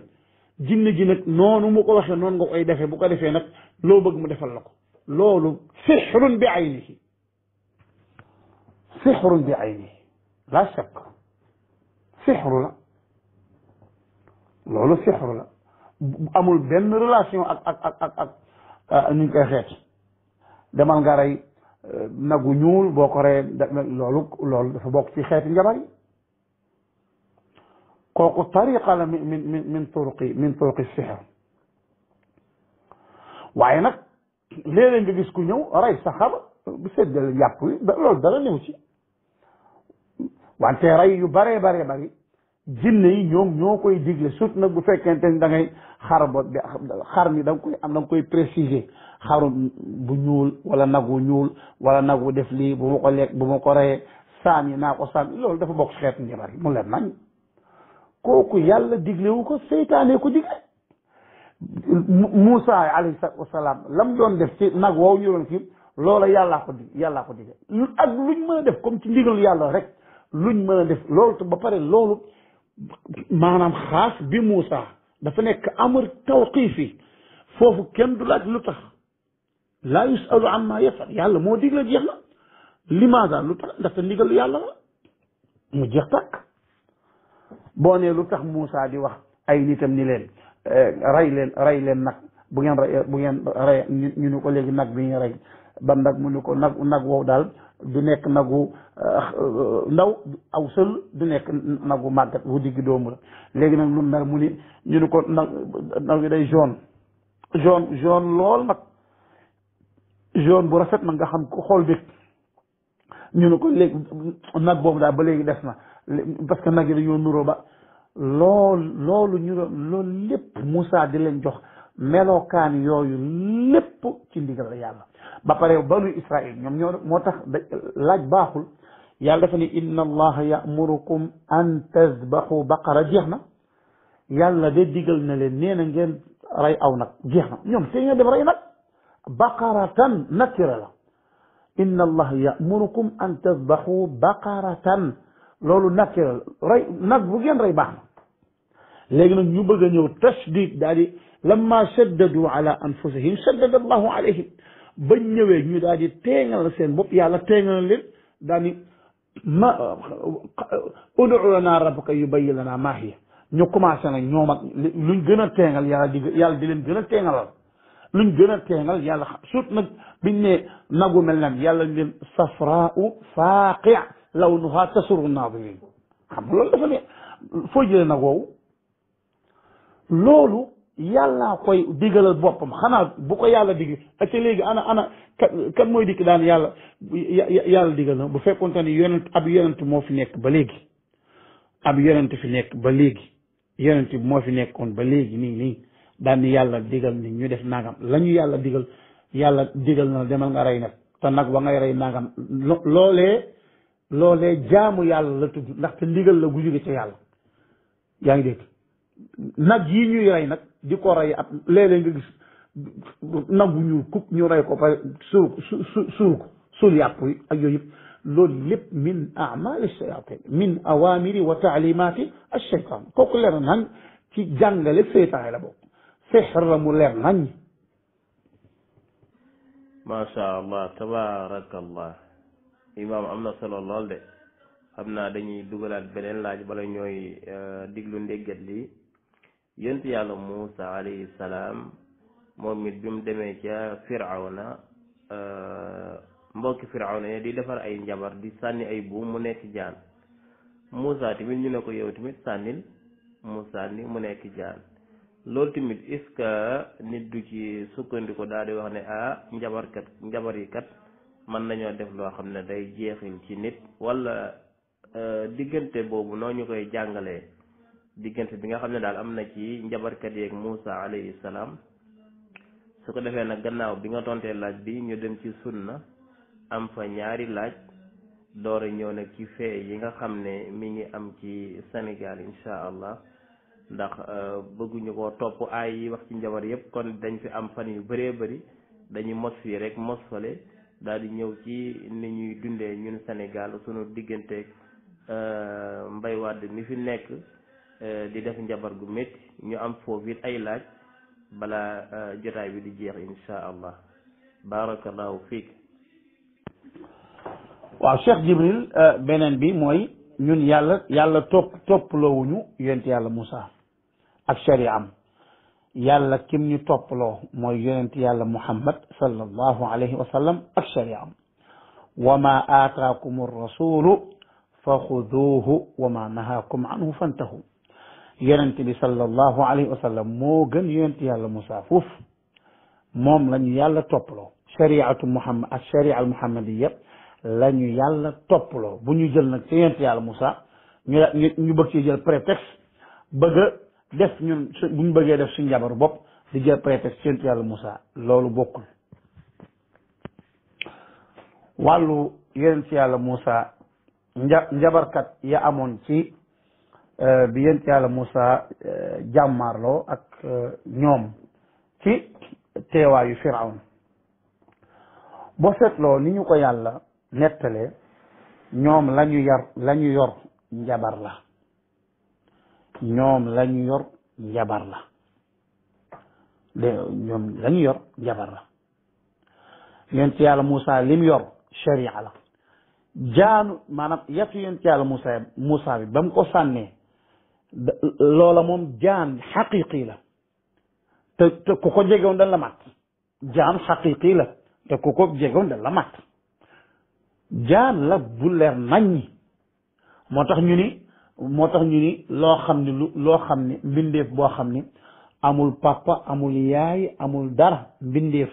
jinne ji nag noonu mu ko waxee noonu nga koy defee bu ko defee nag loo bëgg mu defal la ko loolu sixrun bi aynihi sixrun bi aynihi la shakk sixru la la amul benn relation ak ak ak ak euh, koy xeet demal nga rey euh, nagu ñuul boo ko reyee loolu loolu dafa bokk ci xeeti njabar yi kooku tariqa la min min min turuqi min turuqi sixr waaye nag léeg nga gis ku ñëw rey saxaba bu séddale yàpp wi loolu dara néew ci wante rey yu baree baree bari jinne yi ñoom ñoo koy digle surtout nag bu fekkente ni da ngay xar ba xar mi da koy am da nga koy préciser xaru bu ñuul wala nag wu ñuul wala nag wu def lii bu ma ko lekk bu ma ko reyee saam yi naa ko saam loolu dafa bokk ci xeetu njabar mu leen nañ kooku yàlla diglewu ko seytaane ko digle Moussa alayhi salaam lam doon def ci nag wow ñu doon ci loola yàllaa ko dig yàllaa ko digle ak luñ mën def comme ci ndigal yàlla rek luñ mën a def loolu ba pare loolu maanaam xaas bi Moussa dafa nekk amr tawqifi foofu kenn du laaj lu tax laa yusalu amma yafal yàlla moo digle jeex na limaada lu tax ndaxte ndigal yàlla la mu jeex tàkk boo nee lu tax Moussa di wax ay nitam ni leen eh, rey leen rey leen nag bu ngeen rey bu ngeen rey ñu ni ko léegi nag bi ñu rey bam nag mu ni ko nag nag wow daal du nekk nagu eh, ndaw aw sël du nekk nagu màggat bu digg doomu la léegi nag lu mel mu ni ñu ni ko nag nag yi day jaune jaune jaune lool nag jaune bu rafet nag nga xam ko xool bi ñu ni ko léegi nag boobu daal ba léegi des na parce que nag yi dañoo nuroo ba loolu loolu ñu lépp Moussa di leen jox melokaan yooyu lépp ci ndigal la ba pare banu Israil ñoom ñoo moo tax laaj baaxul yàlla dafa ne inna allaha yamurukum an tasbaxu baqara jeex na yàlla de digal na leen nee na ngeen rey aw nag jeex na ñoom te ngeen def rey nag baqaratan nakira la inna allaha yamurukum an tasbaxu baqaratan loolu nag rey nag bu ngeen rey baax léegi nag ñu bëgg a ñëw tasdiq daal di lamma shaddadu ala anfusihim shaddada allahu alayhim bañ ñëwee ñu daal di teeŋal seen bopp yàlla teeŋal leen daal di ma udu lana rabbaka yubayyin lana maa hiya ñu commencé nag ñoom ak luñ gën a teeŋal yàlla di yàlla di leen gën a teeŋalal luñ gën a teeŋal yàlla surtout nag biñ ne nagu mel nan yàlla leen safraau faaqia lawnuha tasuru naadirin xam nga loolu dafa ne foo jëlee nag woowu loolu yàllaa koy digalal boppam xanaa bu ko yàlla digal ak léegi ana ana kan mooy dikk daan yàlla yàlla digal na bu fekkonte ne yonent ab yonent moo fi nekk ba léegi ab yonent fi nekk ba léegi yonent bi moo fi nekkoon ba léegi nii nii daan yàlla digal ni ñu def naagam lañu yàlla digal yàlla digal na demal nga rey nag te nag wa ngay rey nangam loolee loolee jaamu yàlla la tudd ndaxte ndigal la gu jóge ca yàlla yaa ngi dégg nag yi ñuy rey nag di ko rey at léeg nga gis nag wu ñuul kuk ñu rey ko suur su suur yàpp yi ak yooyu loolu lépp min amali shayatin min awamiri wa taalimati ashaytan kooku leer nañ ci jàngale seytaane la bokk sixr la mu leer nañ. macha allah tabaarakallah imaam am na solo lool de xam naa dañuy dugalaat beneen laaj bala ñooy euh, diglu ndéggat li yent yàlla Muusa alayhi salaam moom it bi mu demee ca firawna euh, mbokki firawna yi di defar ay njabar di sànni ay buum mu nekk jaan Muusa tamit ñu ne ko yow tamit sànnil mu sànni mu nekk jaan loolu tamit est-ce que nit du ci sukkandiku daal di wax ne ah njabarkat njabar yi kat mën nañoo def loo xam ne day jeexil ci nit wala euh, diggante boobu noo ñu koy jàngalee diggante bi nga xam ne daal am na ci njabarkat yeeg Moussa alayhi su ko defee nag gannaaw bi nga tontee laaj bi ñu dem ci sunna am fa ñaari laaj doore ñëw nag ci fee yi nga xam ne mi ngi am ci Sénégal incha allah ndax euh, bëgguñu ko topp aay yi wax ci njabar yépp kon dañ fi am fan yu bëree bëri dañuy mos fii rek mos fale daal di ñëw ci ni ñuy dundee ñun Sénégal sunu diggante euh, Mbaye Wade mi fi nekk euh, di def njabar gu metti ñu am foofu it ay laaj balaa euh, jotaay bi di jeex insha allah barakallahu fiik waaw Cheikh Jibril beneen bi mooy ñun yàlla yàlla topp topploowuñu yent yàlla Moussa ak sharia am yàlla kim ñu topploo mooy yonent yàlla muhammad sallallahu alayhi wa sallam ak shariam wa ma aataakum rasulu fa xuduuhu wa ma nahaakum anhu fantahu yonent yàlla Musaa fuuf moom la ñu yàlla topploo shariatu muhammad ak sharia al muhammadiya la ñu yàlla topploo bu ñu jël nag ci yonent yàlla Musaa def ñun su buñ bëggee def suñ jabaru bopp di jël prétexte yàlla musa loolu bokkul wàllu yeneen ci yàlla Moussa nja amoon ci euh, bi yeneen ci yàlla euh, ak euh, ñoom ci teewaayu Firawna boo seetloo ni ñu ko yàlla nettale ñoom lañu yar la yor njabar la ñoom la ñu yor njabar la de ñoom la ñu yor njabar la yonent yàlla Moussa li mu la jaanu maanaam yatu yonent yàlla Moussa Moussa bi ba mu ko sànnee loola moom jaan xaqiqi la te ko jegewoon dañ la mat la te ko jegewoon dañ mat jaan la bu leer naññi moo tax ñu ni moo tax ñu ni loo xam ni lu loo xam ni mbindeef boo xam ni amul papa amul yaay amul dara mbindeef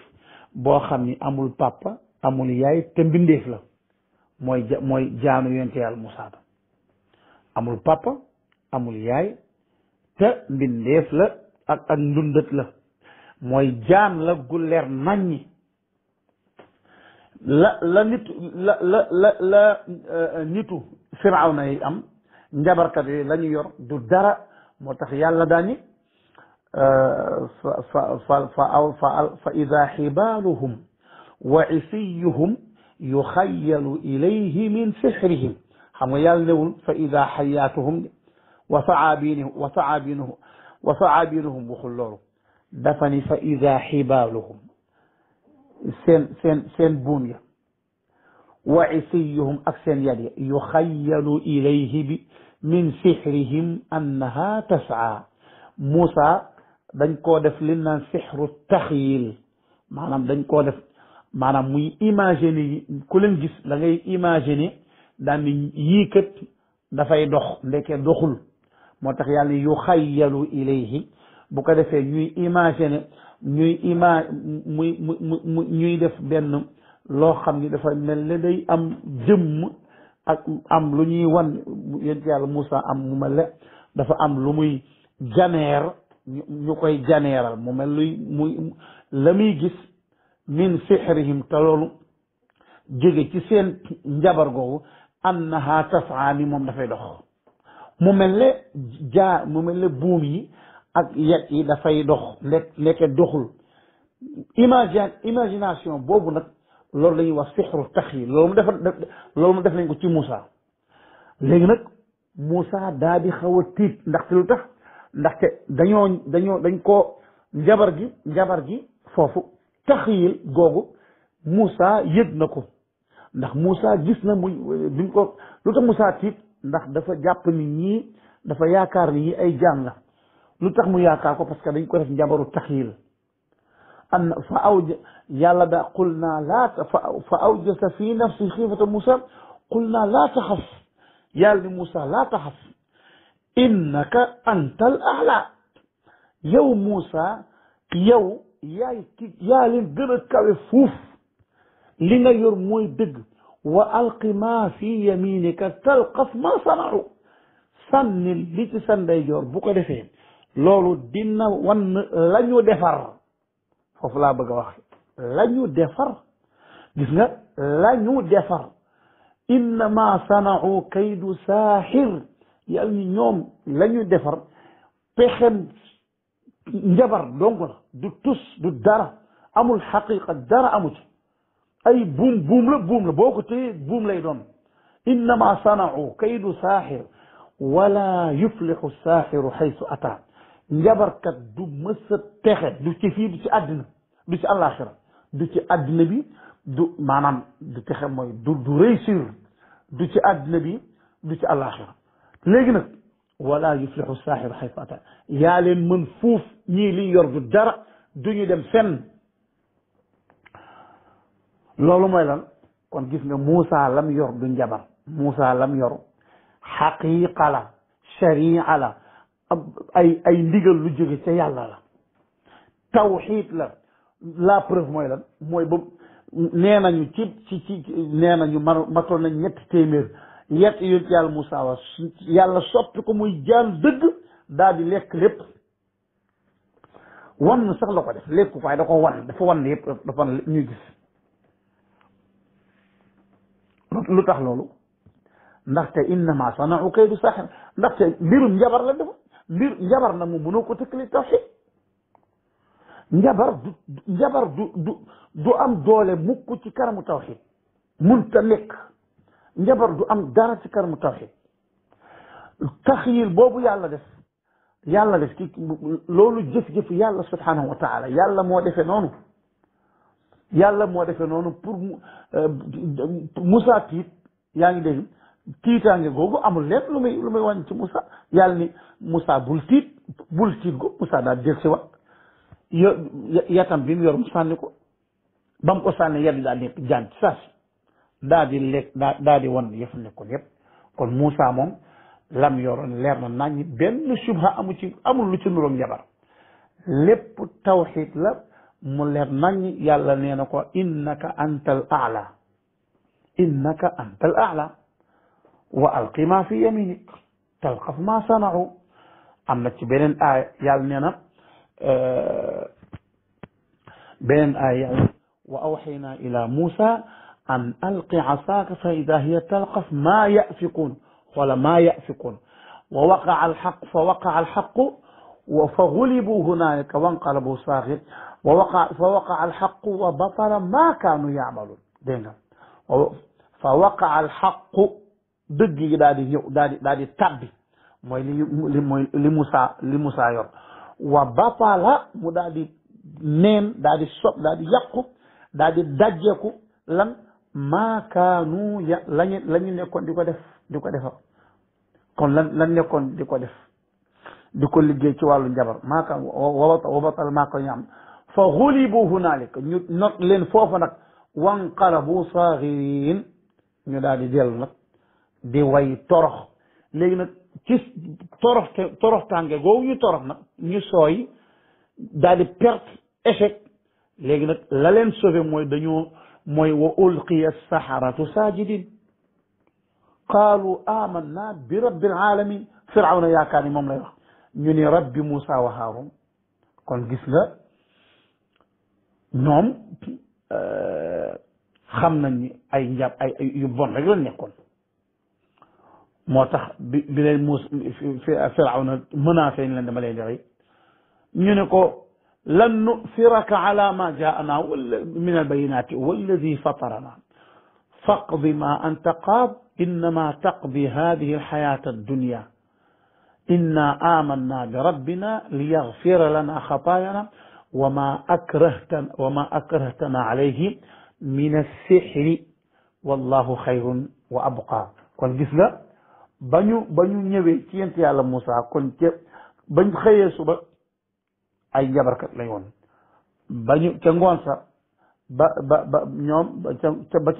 boo xam ni amul papa amul yaay te mbindeef la mooy ja jaanu yonte yàlla Musaa amul papa amul yaay te mbindeef la ak ak ndundat la mooy jaan la gu leer naññi la la nit la la la la euh, nitu firawna yi am njabarkat yooyu la ñu yor du dara moo tax yàlla daani euh, fa fa fa fa fa ida xibaaluhum wa isiyuhum yuxayalu ilayhi min sixrihim xam nga yàlla newul fa ida xayaatuhum wa saabinuhum wa saabinuhum wa saabinuhum waxul loolu dafa ni fa ida xibaaluhum seen seen seen buum ya wa isiyuhum ak seen yat ya yuxayalu ilayhi bi min sihrihim annaha tasaa Moussa dañ koo def li naan sixru taxyil maanaam dañ koo def maanaam muy imaginer ku leen gis da ngay daan ni yii kat dafay dox ndeke doxul moo tax yàlla yu xayyalu ilayhi bu ko defee ñuy imaginer ñuy ima muy mu mu ñuy def benn loo xam ni dafa mel ne day am jëmm ak am lu ñuy wan yent yàlla Moussa am mu mel ne dafa am lu muy janeer ñu koy janeeral mu mel luy muy la muy gis min sihrihim te jóge ci seen njabar googu annaha tasaa ni moom dafay dox mu mel ne jaa mu mel ne buum yi ak yet yi dafay dox nekk nekke doxul imagination boobu nag loolu la ñuy wax sixru taxyiil loolu mu def loolu mu def nañ ko ci Moussa léegi nag Moussa daa di xaw a tiit ndaxte lu tax ndaxte dañoo dañoo dañ koo njabar gi njabar gi foofu taxyiil googu Moussa yëg na ko ndax Moussa gis na mu bi mu ko lu tax Moussa tiit ndax dafa jàpp ni ñii dafa yaakaar ni ñii ay jaam la lu tax mu yaakaar ko parce que dañ ko def njabaru taxyiil an fa awja yàlla da qul naa laa fa awjasa fi nafsi xiifata Muusa qul naa laa taxaf yàlla ni Muusa laa taxaf innaka antal aala yow Muusa yow yaay ki yaa leen gën a kawe fuuf li nga yor mooy dëgg wa alqi maa fi yaminika talqaf ma sanau sànni li ci sa ndeyjoor bu ko defee loolu dina wan la ñu defar foofu laa bëgg a wax la ñu defar gis nga la ñu defar innama sanau kaydu saaxir ñoom la defar pexem njabar dong du tus du dara amul xaqiqa dara amu ci ay buum la buum la boo ko téye buum lay doon innama sanau kaydu saaxir wala yuflixu saaxiru xaysu ataa njabarkat du mës a texe du ci fii du ci àddina du ci àllaaxira du ci àddina bi du maanaam du texe mooy du du réussir du ci àddina bi du ci àllaaxira léegi nag wala yuflixu saaxiru xaytu ata yaa leen mën fuuf ñii liñ yor du dara duñu dem fenn loolu mooy lan kon gis nga Moussa lam yor du njabar Moussa lam yor xaqiqa la sharia la ay ay ndigal lu jóge ca yàlla la tawxiid la la preuve mooy lan mooy ba nee nañu ci ci ci nee ma matoon nañ ñetti téeméer yett yonent yàlla Moussa yàlla soppi ko muy jaan dëgg daal di lekk lépp wan sax la ko def lekk ko waaye da ko wan dafa wan yëpp dafa ñuy gis lu tax loolu ndaxte innama sanau kaydu saaxir ndaxte mbirum njabar la def mbir njabar na moom mënoo ko tëkkale tawxiid njabar du njabar du am doole mukk ci kanamu tawxiid munta nekk njabar du am dara ci kanamu tawxiid taxyil boobu yàlla def yàlla def ci loolu jëf-jëf yàlla subhaanahu wa taala yàlla moo defee noonu yàlla moo defee noonu pour euh, Moussa tiit yaa ngi dégg tiitaange googu amul leen lu muy lu muy wàññi ci Moussa yàlla ni Moussa bul tiit bul tiit ko Moussa daal del si wat yo yatam bi mu yor mu sànni ko ba mu ko sànni yar daal nekk jaan ci saa si daa di lekk daa daa di wan yëf nekkoon yëpp kon Moussa moom lam yoroon leer na nañ benn subha amu ci amul lu ci nuroog njabar lépp tawxiid la mu leer nañ yàlla nee na ko innaka antal aala innaka antal aala wa alqi ma fi yaminik talqaf ma sanau am na ci beneen aaya yàlla nee na eh, beneen aaya yàlla wa awxayna ila Muusa an alqi asaaka fa ida hiya talqaf ma yafikuun wala ma yafikuun wa waqaa alxaq fa waqaa alxaqu wa fa gulibuu hunaalika wanqalabuu saaxir wa waqaa fa waqaa alxaqu wa batala ma kaanu yacmaluun dégg nga fa waqaa alxaqu dëgg gi daal di ñëw daal di daal mooy li li mooy li li Moussa wa bapala mu daal di neen daal di sob daal di yàqu daal lan maakaanu ya lañu la nekkoon di ko def di ko defa kon lan lan nekkoon di ko def di ko liggéey ci wàllu njabar maakaan wabata wabatal maaka ñu am fa xulibu hunaalika ñu not leen foofu nag wanqalabu saaxirin ñu daal di dellu di way torox léegi nag ci torox torox tànge googu ñu torox nag ñu sooy daal di perte léegi nag la leen sauvé mooy dañoo mooy wa ulqiya saharatu sajidin qaalu amanna bi rabbil alamin firawna yaakaar ni moom lay wax ñu ni rabbi Moussa wa Haarun kon gis nga ñoom euh, xam nañ ni ay njàpp ay yu bon rek la nekkoon moo tax bi bi leen muus firawna menacé ñu leen dama leen di rey ñu ne ko lan nu'siraka ala ma jaana wala min albayinati walladi fatarana faqdi ma anta qaad innama taqdi hadihi alxayata addunya inna amanna bi rabbina liyaghfira lana xataayana wa ma akrahtana wa ma akrahtana alayhi min alsixri wallahu xayrun wa abqa kon gis nga ba ñu ba ñu ñëwee ci yent yàlla Moussa kon ca bañ xëyee suba ay njabarkat lañ ba ñu ca ngoon sa ba ba ñoom ca ba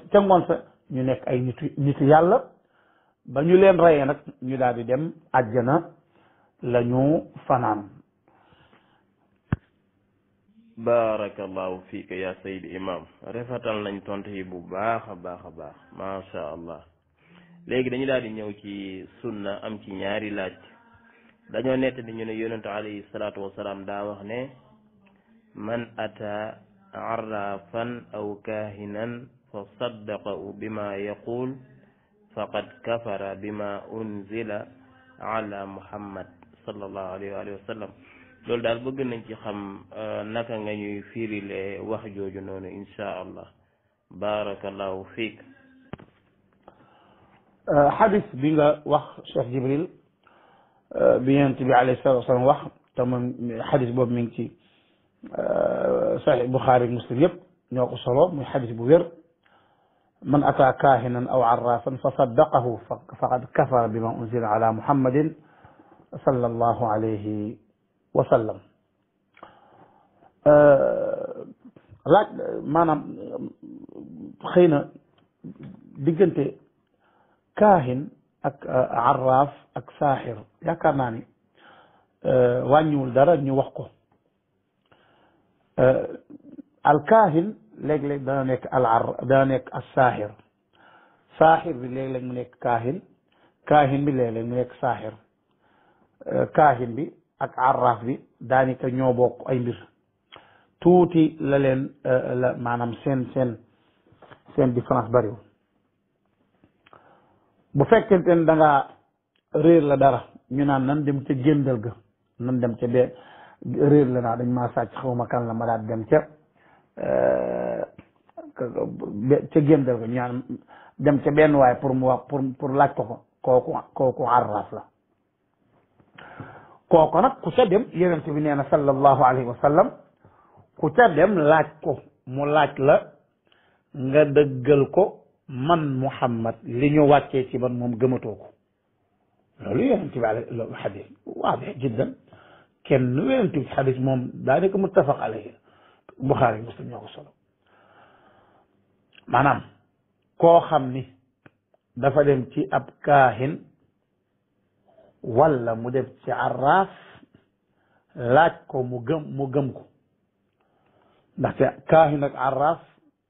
sa ñu nekk ay nitu yàlla ba ñu leen reyee nag ñu daal di dem àjjana la ñu fanaan baarakallahu fiika ya sayid imam rafetal nañ tontu bu baax a baax a baax macha allah léegi dañu daal di ñëw ci sunna am ci ñaari laaj dañoo nettali ñu ne yonentu alayhi salaatu wasalaam daa wax ne man ata arrafan aw kaahinan fa saddaqahu bima yaqul faqad kafara bima unzila ala muhammad sallallahu alayhi wa alihi loolu daal bëgg nañ ci xam euh, naka nga ñuy firile wax jooju noonu insha allah barakallahu fiik xadis euh, bi nga wax Cheikh Jibril euh, bi yonent bi alayhi salaatu wa salaam wax te moom xadis boobu mi ngi ci euh, saxiix Buxaari Muslim yëpp ñoo ko solo muy xadis bu wér man ataa kaahinan aw arraafan fa saddaqahu faqad kafara bima unzila ala muhammadin sallallahu alayhi wa sallam laaj maanaam xëy na diggante kaahin ak arraaf ak saaxir yaakaar naa ni wàññiwul dara ñu wax ko alkaahin léeg-léeg dana nekk al ar dana nekk as bi léeg-léeg mu nekk kaahin kaahin bi léeg-léeg mu nekk saaxir kaahin bi ak arraaf bi daanaka ñoo bokk ay mbir tuuti la leen la maanaam seen seen seen différence bariwul bu fekkente ne da réer la dara ñu naan nan dem ca géndal ga nan dem ca bee réer la naa dañ ma kan la ma daat dem ca euh, ca géndal ga ñu naan dem ca benn waay pour mu wax pour pour laaj ko ko kooku kooku arraf la kooku nag ku ca dem yonent bi nee na sallallahu alayhi wa sallam ku ca dem laaj ko mu laaj la nga dëggal ko man Muhammad li ñu wàccee ci man moom gëmatoo ko loolu yonent bi ale loolu xadis waadix jiddan kenn yonent bi xadis moom daanaka muttafaq alayhi Buxaari Muslim ñoo solo maanaam koo xam ni dafa dem ci ab kaahin walla mu dem ci arraaf laaj ko mu gëm mu gëm ko ndaxte kaahin ak arraaf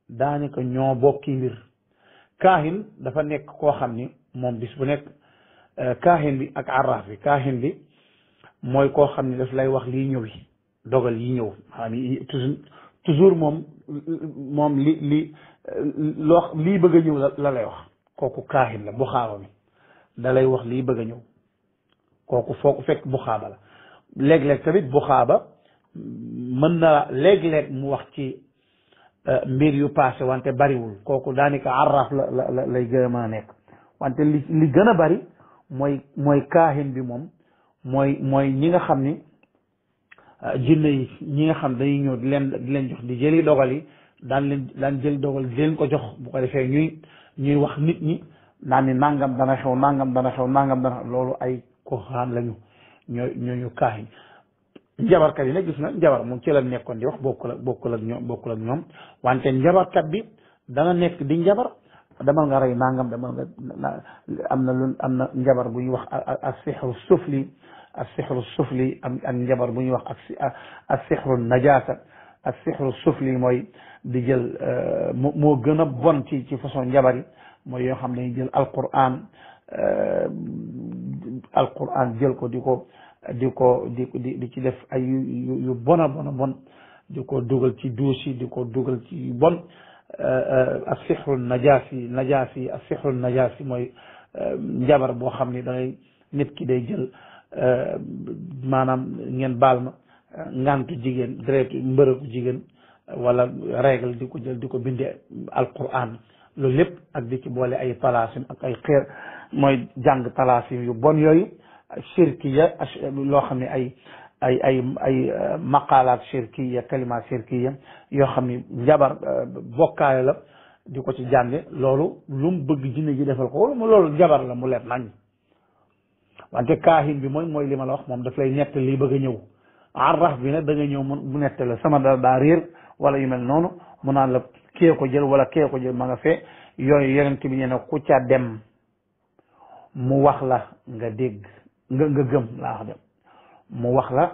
daanaka ñoo bokki mbir kaahin dafa nekk koo xam ni moom bis bu nekk euh, kaahin bi ak arraaf bi kaahin bi mooy koo xam ni daf lay wax lii ñëw yi dogal yi ñëw maanaam yi toujours toujours moom moom li li euh, loo lii bëgg a ñëw la lay wax kooku kaahin la bu xaaba mi dalay wax lii bëgg a ñëw kooku foo ko fekk bu xaaba la léeg-léeg tamit bu xaaba mën na léeg-léeg mu wax ci Eh, mbir yu passé wante bariwul kooku daanaka arraf la la la lay gën nekk wante li li gën a bari mooy mooy kaahin bi moom mooy mooy ñi nga xam ni eh, jinne yi ñi nga xam dañuy ñëw di leen di leen jox di jëli dogal yi daan leen daan jël dogal di leen ko jox bu ko defee ñuy ñuy wax nit ñi naan ni nangam dana xew nangam dana xew nangam dana loolu ay koxaan lañu ñooy ñooñu kaahin njabarkat yi nag gis na njabar moom ci la nekkoon di wax bokkul ak bokkul ak ñoom bokkul ak ñoom wante bi dana nekk di njabar damal nga rey nangam damal nga am na lu am na njabar bu ñuy wax a sixru sufli ak sixru sufli am ak njabar bu ñuy wax ak ak sixru najaata ak sixru sufli mooy di jël euh, moo gën a bon ci ci façon njabar yi mooy yoo xam ne jël alquran euh, alquran jël ko di ko di ko di di di ci def ay yu yu bona bona bon di ko dugal ci douche yi di ko dugal ci bon euh, euh, ak sixru najaas yi najaas yi ak sixru najaas yi mooy euh, njabar boo xam ni dangay nit ki day jël maanaam ngeen baal ma ngantu jigéen deretu mbërëku jigéen wala règle di ko jël di ko bindee alquran loolu lépp ak di ci boole ay palaasim ak ay xeer mooy jàng palaasim yu bon yooyu shirkiya loo xam ne ay ay ay ay uh, maqaalaat shirkiya kalimaat shirkiya yoo xam ne njabar uh, bokkaale la di ko ci jànge loolu lu mu bëgg jinne ji defal ko loolu njabar la mu leer nañ wante kaahin bi mooy mooy li ma la wax moom daf lay nett lii bëgg a ñëw arax bi nag da ñëw mu nett la sama dara daa réer wala yu mel noonu mu naan la kee ko jël wala kee ko jël ma nga fee yooyu ki bi nee na ku ca dem mu wax la nga dégg nga nga gëm laa wax de mu wax la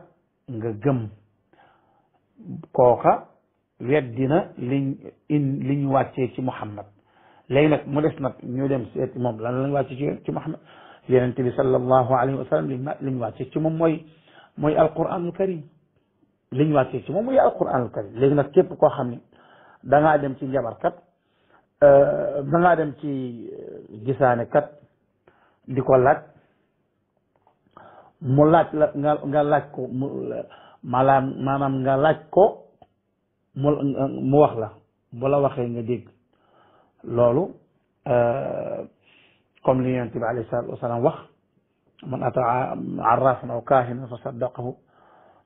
nga gëm kooka weddina liñ in liñ wàccee ci Muhammad léegi nag mu des nag ñu dem seeti moom lan lañ wàccee ci ci Muhammad yonent bi sallallahu alayhi wa sallam liñ liñ wàccee ci moom mooy mooy alquranul karim liñ wàccee ci moom mooy karim léegi nag képp koo xam ni da dem ci njabarkat euh, da ngaa dem ci euh, gisaane kat di ko laaj mu laaj la nga nga laaj ko mu maanaam maanaam nga laaj ko mu mu wax la bu la waxee nga dégg loolu euh, comme li yonent bi alayhi salaatu wasalaam wax man ataa arrafan aw kaahinan fa saddaqahu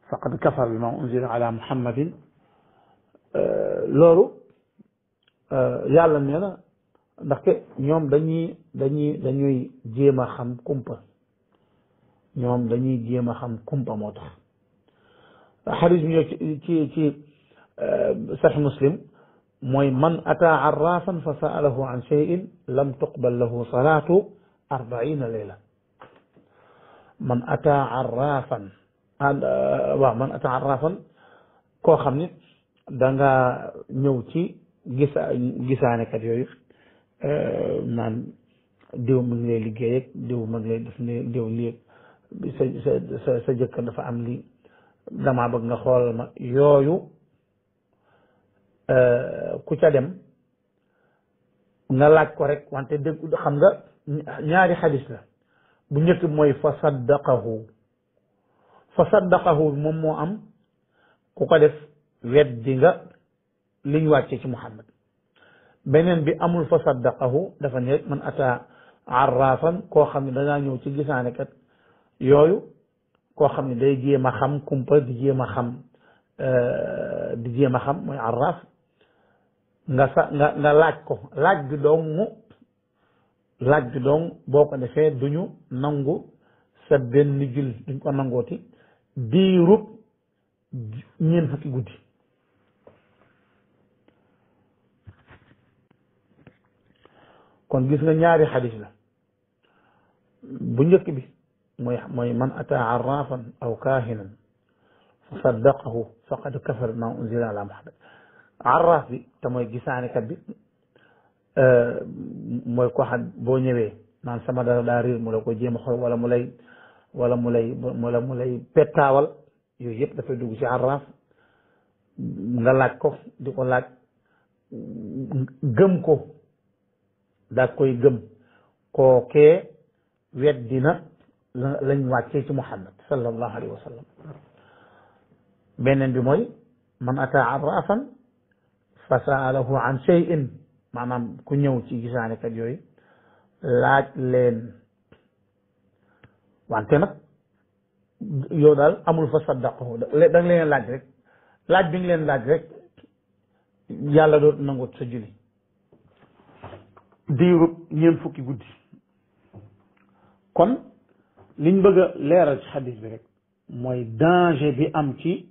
faqad kafara bima unzila ala muhammadin euh, loolu euh, yàlla nee na ndaxte ñoom dañuy dañuy dañuy jéem a xam kumpa ñoom dañuy jéem a xam kumpa moo tax xadis bi ñëw ci ci ci euh, muslim mooy man ataa arrafan fa saalahu an cheyin salaatu arbaina layla man ataa arrafan euh, waaw man ataa arrafan koo xam ne danga nga ñëw ci gisa gisaanekat yooyu euh, naan diw mu ngi lay liggéey ak diw mu ngi lay def ne diw lii sa sa sa jëkkër dafa am lii damaa bëgg nga xoolal ma yooyu euh, ku ca dem nga laaj ko rek wante dégg xam nga ñaari xadis la bu njëkk bi mooy fa saddaqahu fa saddaqahu moom moo am ku ko def weddi nga liñ wàcce ci Muhammad beneen bi amul fa saddaqahu dafa ne man ata arrafan koo xam ne danaa ñëw ci gisaanekat yooyu koo xam ne day jéem a xam kumpa di jéem a xam euh, di jéem a xam mooy arraf nga sa nga nga laaj ko laaj bi dong laaj bi dong boo ko defee duñu nangu sa benn jul duñ ko nangooti diirub ñeent fukki guddi kon gis nga ñaari xadis la bu njëkk bi mooy mooy man ataa arrafan aw kaahinan fa saddaqahu faqad kafar ma unzila ala muhammad arraf bi te mooy gisaanekat bi euh, mooy koo xam boo ñëwee naan sama dara daa réer mu la ko jéem a xool wala mu lay pettaawal yooyu yëpp dafay dugg ci arraaf nga laaj ko di ko laaj gëm ko daa koy gëm kookee weddina la lañ wàccee ci muhammad sallallahu alayhi wa beneen bi mooy man ataa arrafan fa saalahu an cheyin maanaam ku ñëw ci gisaanekat yooyu laaj leen wante nag yow daal amul fa saddaqahu da nga leen laaj rek laaj bi nga leen laaj rek yàlla doo nangut sa julli diirub ñeent fukki guddi kon liñ bëgg leeral ci bi rek mooy danger bi am ci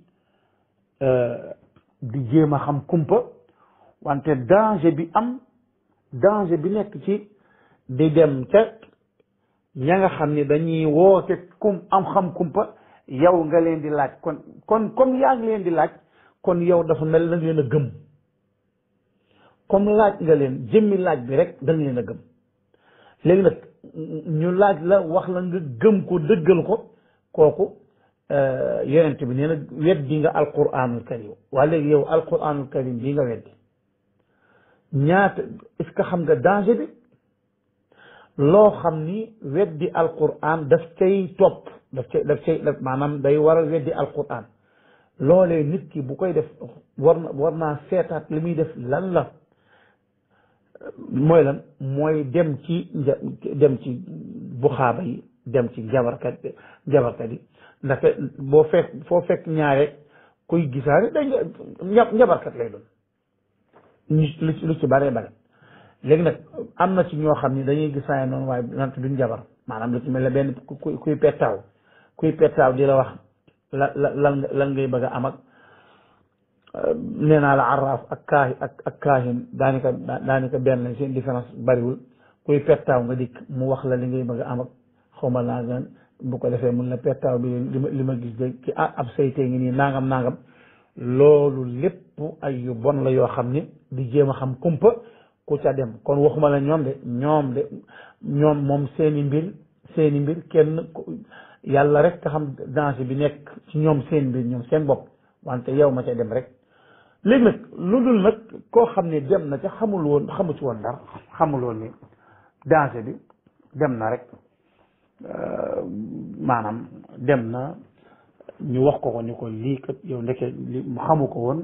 euh, di jéem a xam kumpa wante danger bi am danger bi nekk ci di dem ca ña nga xam ni dañuy woote kum am xam kumpa yow nga leen di laaj kon kon comme yaa ngi leen di laaj kon yow dafa mel na leen a gëm comme laaj nga leen jëmmi laaj bi rek da leen a gëm léegi nag ñu laaj la wax la nga gëm ko dëggal ko kooku euh, yonent bi nee na weddi nga alquranul karim waa yow alquranul karim bii nga weddi ñaata est-ce xam nga danger bi loo xam ni weddi alquran daf cay topp daf cay daf maanaam day war a weddi alquran loolee nit ki bu koy def war na war naa seetaat li muy def lan la mooy lan mooy dem ci dem ci buxaaba yi dem ci jabarkat jabarkat yi ndaxte boo fekk foo fekk ñaare kuy gisaane day njabarkat lay doon ñu lu ci bare bare léegi nag am na ci ñoo xam ni dañuy gisaane noonu waaye nant duñ jabar maanaam lu ci mel ne benn kuy kuy pettaaw kuy pettaaw di la wax la la lan ngay bëgg a am nee naa la arraaf ak kaahi ak ak kaahin daanaka daanaka benn lañ seen différence bariwul kuy pettaaw nga dikk mu wax la li ngay bëgg a am ak xawma laa gan bu ko defee mun la pettaaw bi li ma li ma gis de ci ah, ab saytee ngi nii nangam nangam loolu lépp ay yu bon la yoo xam ni di jéem a xam kumpa ku ca dem kon waxuma la ñoom de ñoom de ñoom moom seeni mbir seeni mbir kenn yàlla rek nga xam danger bi nekk ci ñoom seen mbir ñoom seen bopp wante yow ma ca dem rek léegi nag nag koo xam ne dem na ca xamul woon xamu ci woon dara xamul woon ni danger bi dem na rek euh, maanaam dem na ñu wax ko ko ni ko lii kat yow ndeke li xamu ko woon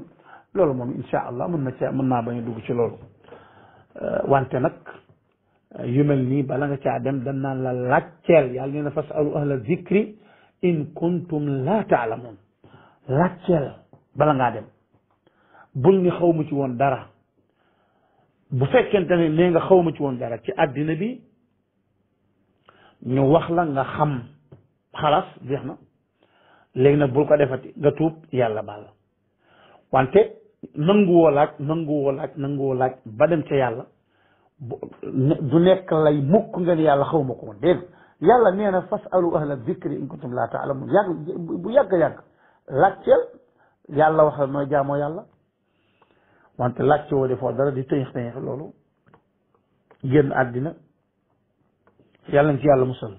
loolu moom insha allah mën na caa mën naa ba a dugg ci loolu euh, wante nag euh, yu mel nii bala nga caa dem dan naan la laajteel yàlla nee na fasalu ahla zikri in kuntum laa taalamuun laajteel bala ngaa dem bul ni xaw ma ci woon dara bu fekkente ne nee nga xaw ma ci woon dara ci àddina bi ñu wax la nga xam xalaas jeex na léegi nag bul ko defati nga tuub yàlla baal la wante nanguwoo laaj nanguwoo laaj nanguwoo ba dem ca yàlla du nekk lay mukk ngeen yàlla xaw ma ko woon dégg yàlla nee na fas alu ahla dikri in kuntum laa taalamun yàgg bu yàgg yàgg laajteel yàlla wax la nooy jaamoo yàlla wante laajte woo defoo dara di tëñëx tëñëx loolu génn àddina yàlla nañ ci yàlla musal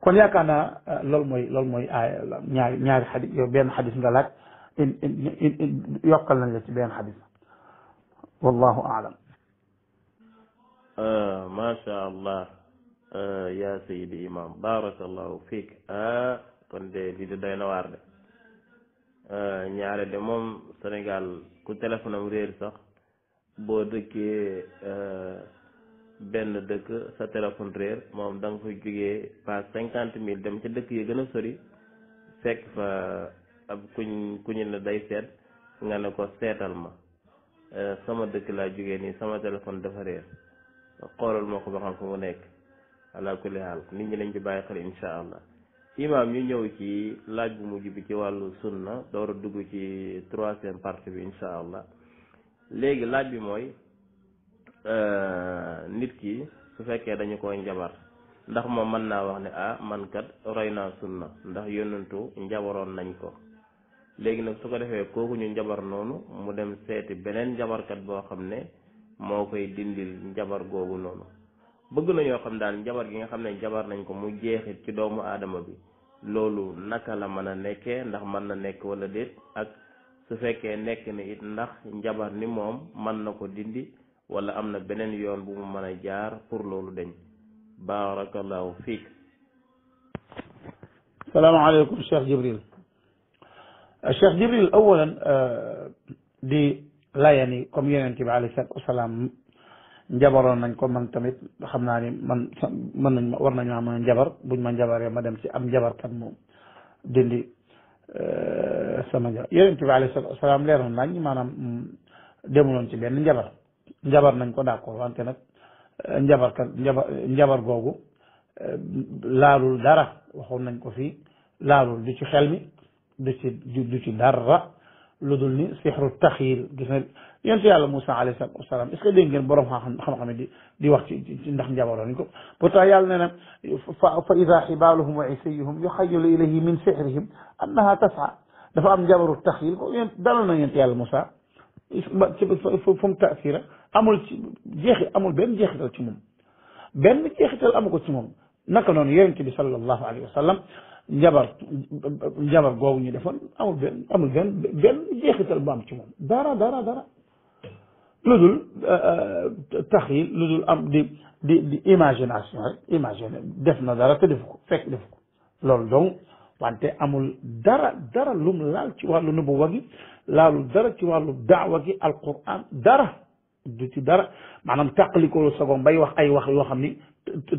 kon yaakaar naa euh, lool mooy loolu mooy aaya euh, ñaari ñaari yokkal nañ la ci benn xadis wallahu aalam euh, macha allah yaa sayidi imam barakallahu fiik kon de lii de doy na waar de ñaare de moom Sénégal ku téléphone am réer sax boo dëkkee euh, benn dëkk sa téléphone réer moom da koy fa jógee pas cinquante mille dem ca dëkk yi gën a sori fekk fa ab kuñ ku ñu ne day seet nga ne ko seetal ma euh, sama dëkk laa jógee nii sama téléphone dafa réer xoolal ma ko ba xam fu mu nekk ala kulli nit ñi lañ ci bàyyi xel incha allah imam ñu ñëw ci laaj bu mujj bi ci wàllu sunna door a dugg ci troisième partie bi insha allah léegi laaj bi mooy euh, nit ki su fekkee dañu ko njabar ndax moom mën naa wax ne ah man kat roy naa sunna ndax yonentu njabaroon nañ ko léegi nag su ko defee kooku ñu njabar noonu mu dem seeti beneen njabarkat boo xam ne moo koy dindil njabar googu noonu bëgg nañoo xam daal njabar gi nga xam ne njabar nañ ko mu jeexit ci doomu aadama bi loolu naka la mën a nekke ndax mën na nekk wala déet ak su fekkee nekk na it ndax njabar ni moom mën na ko dindi wala am na beneen yoon bu mu mën a jaar pour loolu dañ barakallahu fiik salaamaaleykum cheikh jibril euh, cheikh jibril awalan euh, di layani comme yonente bi alayhi salatu wasalaam njabaroon nañ ko man tamit xam naa ni man mën nañ ma war nañ maa njabar buñ ma njabaree ma dem ci am njabarkat moom dindi euh, sama njabar yonent bi alayhi salaatu wasalaam leeroon nañ maanaam mm, demuloon ci benn njabar njabar nañ ko d'accord wante nag euh, njabarkat njabar njabar googu euh, laalul dara waxoon nañ ko fii laalul du ci xel mi du ci du ci dara lu dul ni sixru taxiil gis na yonent yàlla Moussa alayhi salaatu wasalaam est-ce que dégg ngeen borom xam-xam di di wax ci ci ndax njabaroo nañ ko pourtant yàlla nee na fa fa ida xibaaluhum wa isiyuhum yuxayyalu ilayhi min sihrihim annaha tas'a dafa am njabaru taxyil ko yéen dalal na yonent yàlla Moussa fu mu taasira amul ci jeexi amul benn jeexital ci moom benn jeexital amu ko ci moom naka noonu yonent bi sallallahu alayhi wa sallam njabar njabar googu ñu defoon amul benn amul benn benn jeexital bu am ci moom dara dara dara lu dul euh, euh, taxil lu am di di imagination def na dara te def ko fekk def ko wante amul dara dara lum ci wàllu nubuwa gi laalu dara ci wàllu daawa gi alquran dara du ci dara maanaam tàqalikolu sagoom bay wax ay wax yoo xam ni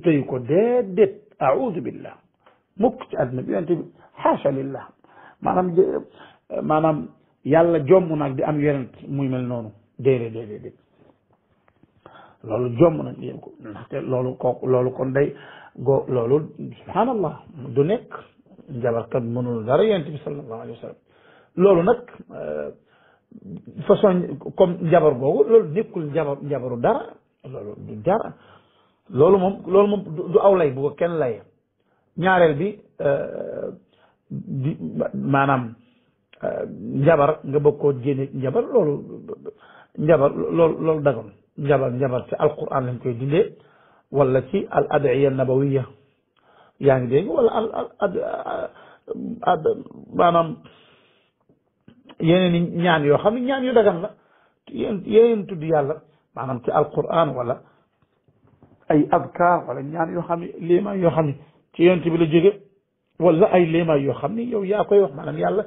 tëyu ko déedéet audu billah mukk ci àdduna bi yonente maanaam yàlla jomm naag di am yonent muy mel noonu déedéet déedéet déet loolu jomm nañ leen ko ndaxte loolu kooku loolu kon day go loolu subhaanallah du nekk njabarkat mënul dara yonent bi sallallahu alayhi wa sallam loolu nag euh, façon comme njabar googu loolu nekkul njabar njabaru dara loolu du dara loolu moom loolu du aw lay bu kenn lay ñaareel bi euh, di maanaam euh, njabar nga bëgg ko génne njabar loolu njabar loolu loolu dagan njabar ci alquran lañ koy dindee walla ci al adiya nabawiya yaa ngi dégg al ad maanaam yeneen ñaan yoo xam ne ñaan yu dagan la yéen yeneen tudd yàlla maanaam ci alquran wala ay adkaar wala ñaan yoo xam ne yoo xam ci yonent bi la jóge wala ay léema yoo xam ne yow yaa koy wax maanaam yàlla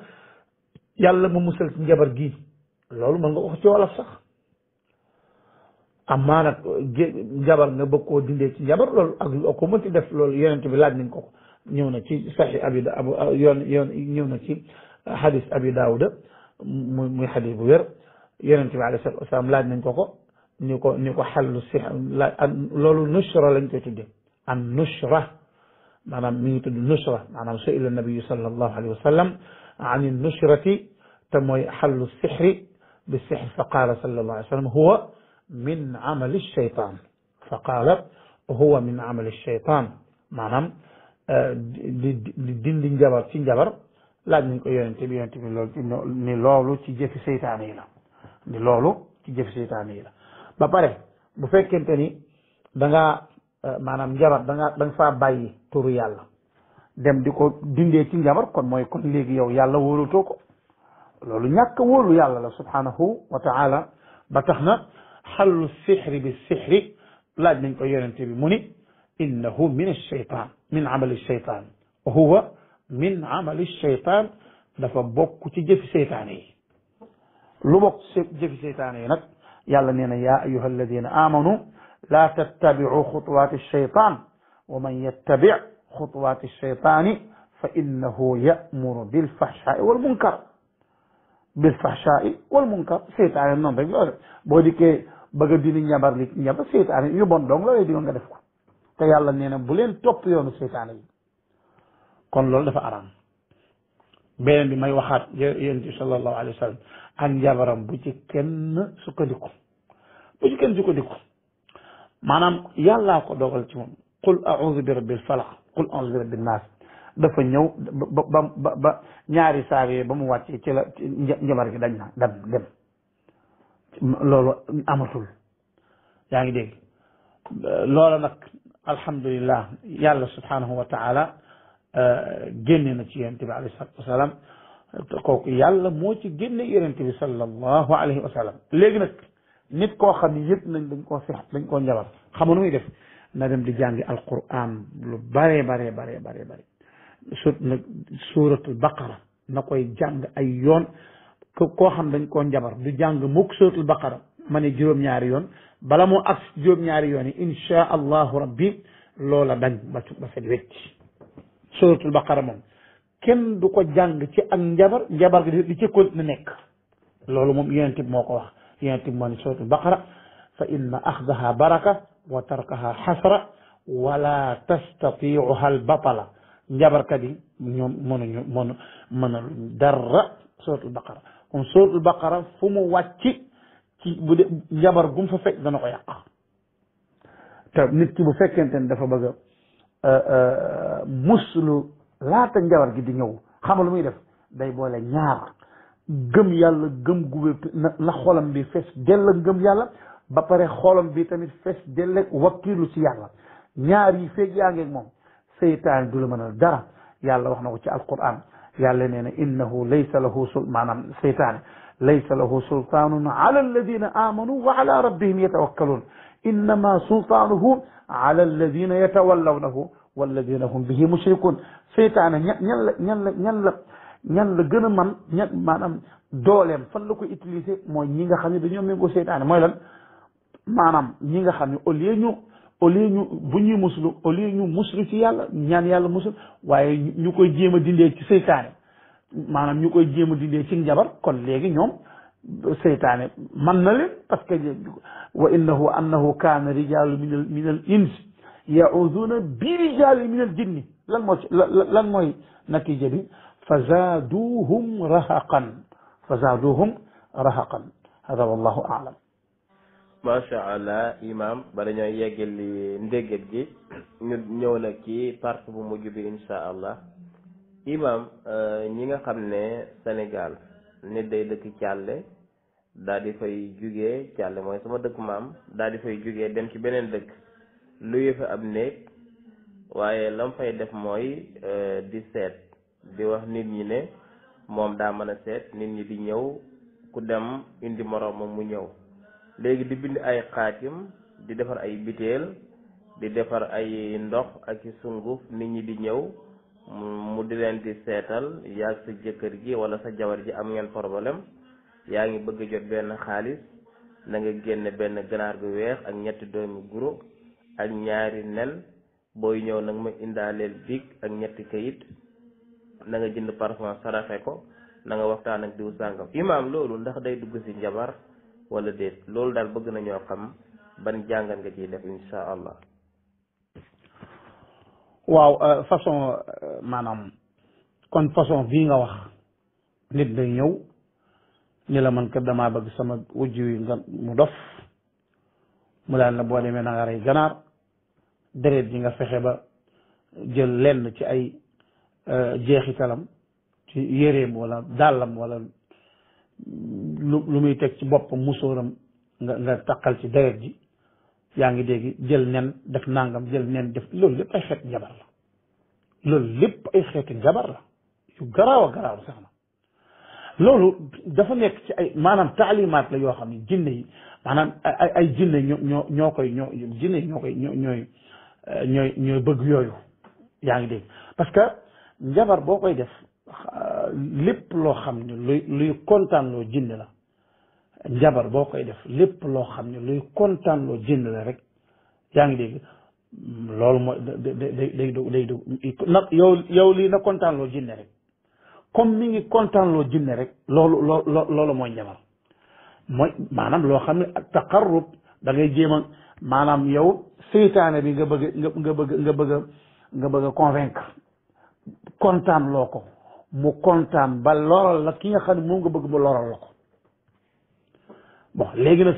yàlla mu musal ci njabar gii loolu mën nga wax ci wolof sax amaa nag jabar nga bëgg koo dindee ci jabar loolu ak ko mënti def loolu yonent bi laaj nañ ko ko ñëw na ci saxi abi abu ah, yoon yoon ñëw na ci xadis abi daawuda muy muy xadis bu wér yonent bi alayhi salaatu wasalaam laaj nañ ko ko ñu ko ñu ko xallu si laaj loolu nushra lañ koy tuddee an nushra maanaam mi ngi tudd nushra maanaam su'ila nabiyu sallallahu alayhi wa sallam an nushrati te mooy xallu sixri بالسحر فقال صلى الله عليه وسلم هو من عمل الشيطان فقالت هو من عمل الشيطان maanaam di di dindi njabar ci njabar laaj nañ ko yonent bi yonent bi loolu ni loolu ci jëfi seytaane yi la loolu ci jëfi seytaane yi la ba pare bu fekkente ni da nga euh, maanaam njabar da nga da nga faa bàyyi turu yàlla dem di ko dindee ci njabar kon mooy kon léegi yow yàlla wóolutoo ko loolu ñàkk wóolu yàlla la subhanahu wa taala ba tax na xallu sixri bi sixri laaj nañ ko yonente bi mu ni innahu min alcheytan min amali alcheytan wa huwa min amali alcheytan dafa bokk ci jëfi seytaane yi lu bokk ci jëfi seytaane yi nag yàlla nee na yaa ayuha alladina amanu laa tattabicu xutuwaati alcheytan wa man yattabic xutuwaati alcheytani fa innahu yamuru bilfaxshaai walmunkar bil fahshaai wal munkar seytaane noonu rek la boo dikkee bëgg a dindi ñabar li ñabar seytaane yu bon dong la lay nga def ko te yàlla nee na bu leen topp yoonu seytaane kon loolu dafa araam beneen bi may waxaat yonent bi sallallahu alayhi ak njabaram bu ci kenn sukkandiku bu ci kenn sukkandiku maanaam yàllaa ko dogal ci moom qul audu bi rabbil falaq qul audu bi rabbin naas dafa ñëw ba ñaari saar yooyu ba mu wàccee ci la njabar gi dañ na dem loolu amatul yaa ngi dégg loola nag alhamdulillah yàlla subhanahu wa taala euh, génne na ci yonente bi alayhi salatu wasalaam kooku yàlla moo ci génne yonente bi sallallahu alayhi wa sallam léegi nag nit ko xam ne yëpp nañ dañ koo sixat dañ koo njabar xamu nu muy def na dem di jàngi alquran lu bare bare bare bare bare sut nag suuratul na koy jàng ay yoon koo xam dañ ko njabar du jàng mukk suuratul baqara ma ne juróom-ñaari yoon bala moo ak juróom-ñaari yoon yi insha allahu rabbi loola dañ ba ba fet wecci moom kenn du ko jàng ci ak njabar njabar gi di ci kont nekk loolu moom yonent bi moo ko wax yonent bi moo ne suuratul baqara fa inna axdaha baraka wa tarkaha xasra wala tastatiicuha albatala njabarkat yi ñoom mënuñu mënu mënaluñ dara suratul baqara kon suratul baqara fu mu wàcc ci bu dee njabar gum fa fekk dana ko yàq te nit ki bu fekkente ne dafa bëgg a euh, euh, muslu laata njabar gi di ñëw xamal muy def day boole ñaar gëm yàlla gëm gu wér na na bi fees dell ak gëm yàlla ba pare xolam bi tamit fees dell ak wakkiilu ci yàlla ñaar yi feeg yaa ngeeg moom seytaane du la mënal dara yàlla wax na ko ci alquran yàlla nee na innahu laysa lahu sul maanaam seytaane laysa lahu sultaanun ala alladina amanu wa ala rabbihim yatawakkaluun innama sultaanuhu ala alladina yatawallawnahu walladina hum bihi mushrikuun seytaane ñan ñan la ñan la ñan la ñan la gën a man ñan maanaam dooleem fan la ko utiliser mooy ñi nga xam ne dañoo méngoo seytaane mooy lan maanaam ñi nga xam ne au lieu ñu au lieu ñu bu ñuy muslu au lieu ñu muslu ci yàlla ñaan yàlla musul waaye ñu koy jéem a dindee ci seytaane maanaam ñu koy jéem a dindee ci njabar kon léegi ñoom seytaane man na leen parce que wa innahu annahu kaana rijalu min al min al ins yauduna bi rijali min al jinni lan moo lan mooy natija bi fa zaaduhum rahaqan fa zaaduhum rahaqan hada wallahu aalam macha allah imam bala ñoo yeggal li ndéggat gi ñu ñëw nag ci part bu mujj bi insha allah imam euh, ñi nga xam ne Sénégal nit day dëkk càlle daal di fay jugee càlle mooy sama dëkk maam daal di fay jugee dem ci beneen dëkk luye fa ab néeg waaye lam fay def mooy euh, di seet di wax nit ñi ne moom daa mën a seet nit ñi di ñëw ku dem indi moroomam mu ñëw léegi di bind ay xaatim di defar ay biteel di defar ay ndox ak i sunguf nit ñi di ñëw mu di leen di seetal yaag sa jëkkër gi wala sa jabar ji am ngeen problème yaa ngi bëgg a jot benn xaalis na nga génne benn ganaar gu weex ak ñetti doomi guro ak ñaari nen booy ñëw nag ma indaaleel big ak ñetti kayit na nga jënd parfum saraxe ko na nga waxtaan ak diw sàngam imaam loolu ndax day dugg ci njabar wala déet loolu daal bëgg nañoo xam ban jàngat nga ciy def insha allah. waaw euh, façon euh, maanaam kon façon bii nga wax nit day ñëw ni la man kat damaa bëgg sama wujj wi nga mu dof mu daal na boo demee na nga rey ganaar deret ji nga fexe ba jël lenn ci ay euh, jeexitalam ci yéreem wala dàllam wala lu lu muy teg ci boppam musóoram nga nga taqal ci deret ji yaa ngi dégg jël nen def nangam jël nen def loolu lépp ay xeetu njabar la loolu lépp ay xeetu njabar la yu garaaw a sax na loolu dafa nekk ci ay maanaam taalimaat la yoo xam ne jinne yi maanaam ay ay jinne ñoo ñoo ñoo koy ñoo jinne yi ñoo koy ñoo ñooy ñooy ñooy bëgg yooyu yaa ngi dégg parce que njabar boo koy def lépp loo xam ne luy luy kontaanloo jinne la njabar boo koy def lépp loo xam ne luy kontaanloo jinne la rek yaa ngi dégg loolu mooy day day day yow lii na kontaanloo jinne rek comme mi ngi kontaanloo jinne rek loolu loo loolu mooy njabar mooy maanaam loo xam ne ak taqarrub dangay ngay jéem a maanaam yow seytaane bi nga bëgg nga bëgg nga bëgg a nga bëgg a convaincre kontaanloo ko mu kontaan ba loral la ki nga xam ne moom nga bëgg mu loral la ko léegi nag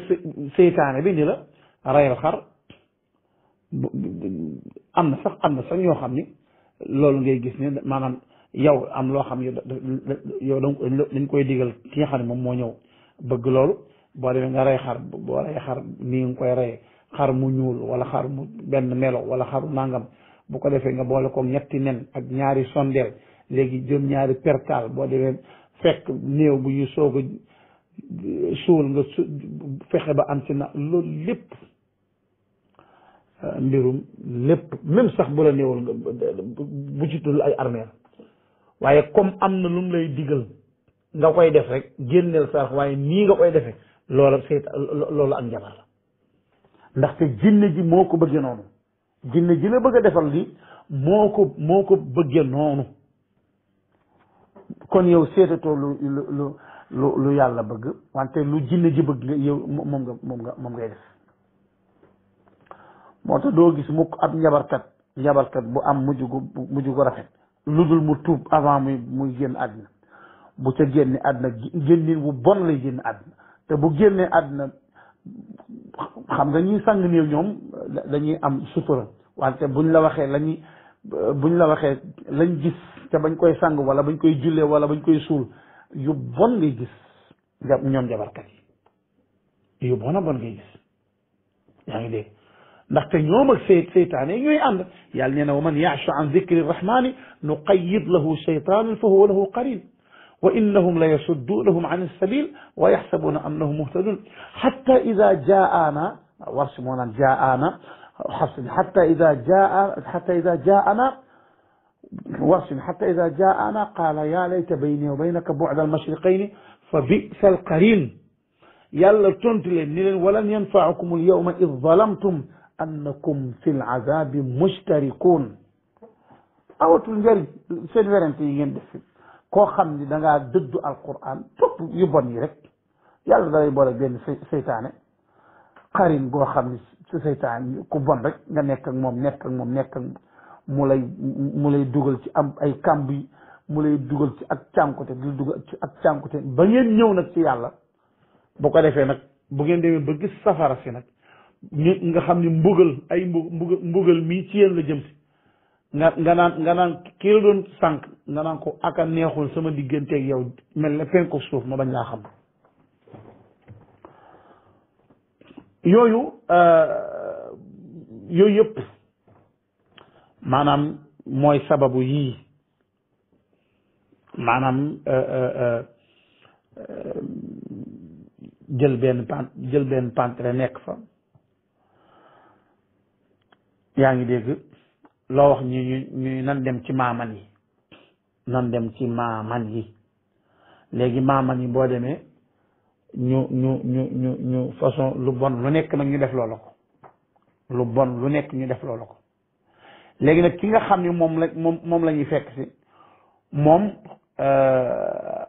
seytaane bi ni la rayal xar am na sax am na sax ñoo xam ni loolu ngay gis ne maanaam yow am loo xam ne yow dañ koy digal ki nga xam ne moom moo ñëw bëgg loolu boo demee nga rey xar boo rey xar nii nga koy rey xar mu ñuul wala xar mu benn melo wala xaru nangam bu ko defee nga boole ko ñetti nen ak ñaari sondeel léegi jëm ñaari perkaal boo demee fekk néew bu ñu soog a suul nga su fexe ba am ci na loolu lépp euh, mbirum lépp même sax bu la néewal nga bu ci tudd ay armeel waaye comme am na lu mu lay digal nga koy def rek génneel sarax waaye nii nga koy defee loola seet loolu ak njabar la ndaxte jinne ji moo ko bëggee noonu jinne ji la bëgg a defal li moo ko moo ko bëggee noonu kon yow séetatoo lu lu lu lu lu yàlla bëgg wante lu jinne ji bëgg yow moom nga moom nga moom ngay def moo tax doo gis mukk ab njabarkat njabarkat bu am mujj gu mujj gu rafet lu dul mu tuub avant muy muy génn àddina bu ca génne àddina génnin bu bon lay génn àddina te bu génnee àdduna xam nga ñuy sàng néew ñoom dañuy am sutura wante buñ la waxee lañuy buñ la waxee lañ gis te bañ koy sang wala bañ koy jullee wala bañ koy suul yu bon ngay gis ja ñoom jabarkat yi yu bon a bon ngay gis yaa ngi dégg ndaxte ñoom ak say saytaane ñooy ànd yàlla nee na wa man yaachu an dicri rahmani nuqayid lahu shaytanan fa huwa lahu qarin wa innahum la yasudduunahum an alsabil wa yaxsabuuna annahum muhtadun xatta ida jaaana warsi moo naan jaaana حسن حتى إذا جاء حتى إذا جاءنا وصل حتى إذا جاءنا قال يا ليت بيني وبينك بعد المشرقين فبئس القرين يلا تنتلن ولن ينفعكم اليوم إذ ظلمتم أنكم في العذاب مشتركون awatul njëriñ seen werante yi ngeen def koo xam ni da ngaa dëddu alquran topp yu bon yi rek yàlla da lay boole benn seytaane xarin boo xam ni su seytaan ku bon rek nga nekk ak moom nekk ak moom nekk ak mu lay mu lay dugal ci am ay kàmb yi mu lay dugal ci ak cànkute di dugal ci ak cànkute ba ngeen ñëw nag ci yàlla boo ko defee nag bu ngeen demee ba gis safara si nag nga xam ni mbugal ay mbugal mbugal mii ci yéen la jëm si nga nga naan nga naan kii la doon sànq nga naan ko aka neexul sama digganteeg yow mel ne penku suuf ma bañ laa xam yooyu euh, yooyu yëpp maanaam mooy sababu yii maanaam euh, euh, jël benn pant jël benn pantre yaa ngi dégg loo wax ñu ñu ñu nan dem ci maaman yi nan dem ci maaman yi léegi maaman yi boo demee ñu ñu ñu ñu ñu façon lu bon lu nekk nag ñu def loola ko lu bon lu nekk ñu def loola ko léegi nag ki nga xam ni moom la moom moom la fekk si moom euh,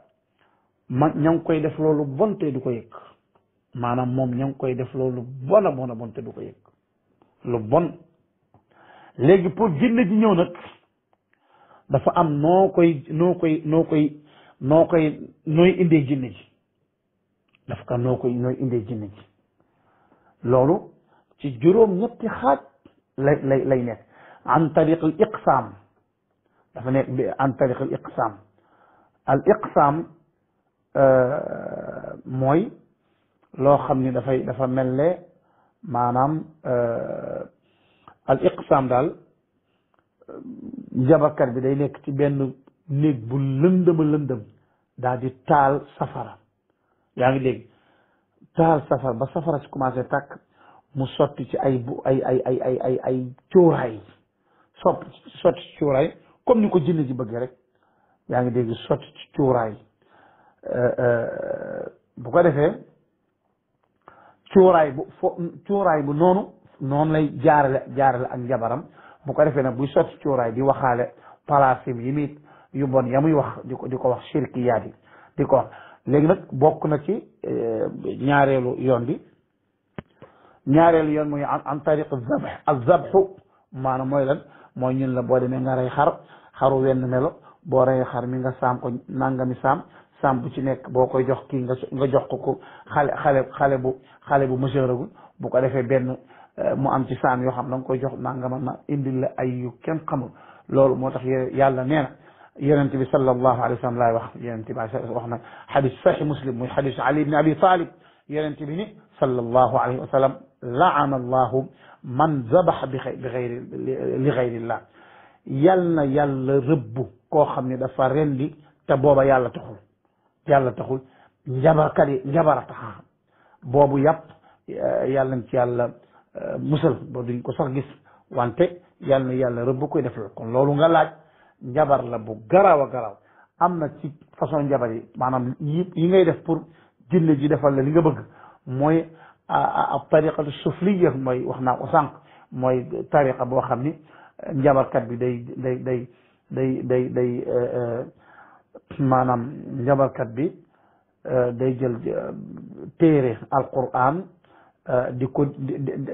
ma ña ngi koy def loolu bon te du ko yëg maanaam moom ña ngi koy def loolu bon a bon a bon te du ko yëg lu bon léegi pour jinne ji ñëw nag dafa am noo koy noo koy noo koy noo koy nooy indee jinne ji daf ko noo koy nooy indee ni ji loolu ci juróom ñetti xaaj lay lay lay nekk an tariq al iqsaam an tariq al al iqsaam mooy loo xam ni dafay dafa mel ne maanaam euh, al iqsaam daal jabarkat bi day nekk ci benn néeg bu lëndëma lëndëm daal di taal safara yaa ngi dégg taal safara ba safara si commencé tàkk mu sotti ci ay ay ay ay ay ay ay cuuraay sopp sotti cuuraay comme ni ko jinne ji bëggee rek yaa ngi dégg sotti ci cuuraay euh, euh, bu ko defee cuuraay bu fo cuuraay bu noonu noonu lay jaarale jaarale ak jabaram bu ko defee nag buy sotti cuuraay di waxaale palaasim yi muy yu bon ya muy wax di ko di ko wax shirkiyaat yi di ko wax léegi nag bokk na ci e, ñaareelu yoon bi ñaareelu yoon muy an tariq zabx azabxu maanaam mooy lan mooy ñun la boo demee nga rey xar xaru wenn melo boo rey xar mi nga saam ko nangami saam saam bu ci nekk boo koy jox kii nga nga jox ko ko xale xale xale bu xale bu monsieur ragul bu ko defee benn e, mu am ci saam yoo xam da nga koy jox nangama na indil la ay kenn xamul loolu moo tax yàlla nee yonent bi sallallahu alayhi wa sallam laay wax yonent bi wax na xadis saxi muslim muy xadis ali ibn abi talib yonent bi ni sallallahu alayhi wa sallam laana allahu man zabax bi bi xayri li xayrillah yal na yàlla rëbb koo xam ne dafa rendi te booba yàlla taxul yàlla taxul njabarkat yi njabara taxa boobu yàpp eh, yàlla nañ ci yàlla eh, musal ba duñ ko sax gis wante yal na yàlla rëbb koy def la kon loolu nga laaj njabar la bu garaaw a garaaw am na ci façon jabar yi maanaam yi ngay def pour jinne ji defal la li nga bëgg mooy ab tariqatu sufliya mooy wax naa ko sànq mooy tariqa boo xam ni njabarkat bi day day day day day day e, e, maanaam njabarkat bi e, day jël téere alquran di ko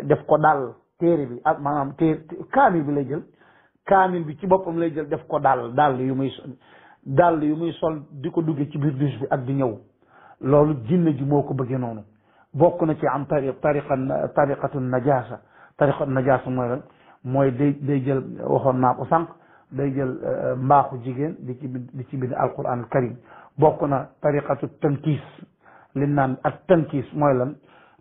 def ko daal téere bi ak maanaam téere kaamil bi lay jël kaamil bi ci boppam lay jël def ko dàll dàll yu muy dàll yu muy sol di ko duggee ci biir douche bi ak di ñëw loolu jinne ji moo ko bëggee noonu bokk na ci am tari tariqa tariqatu najaasa tariqatu najaasa mooy lan mooy day day jël waxoon naa ko sànq day jël euh, mbaaxu jigéen di ci bind di ci bind alquran karim bokk na tariqatu tankiis li naan ak tankiis mooy lan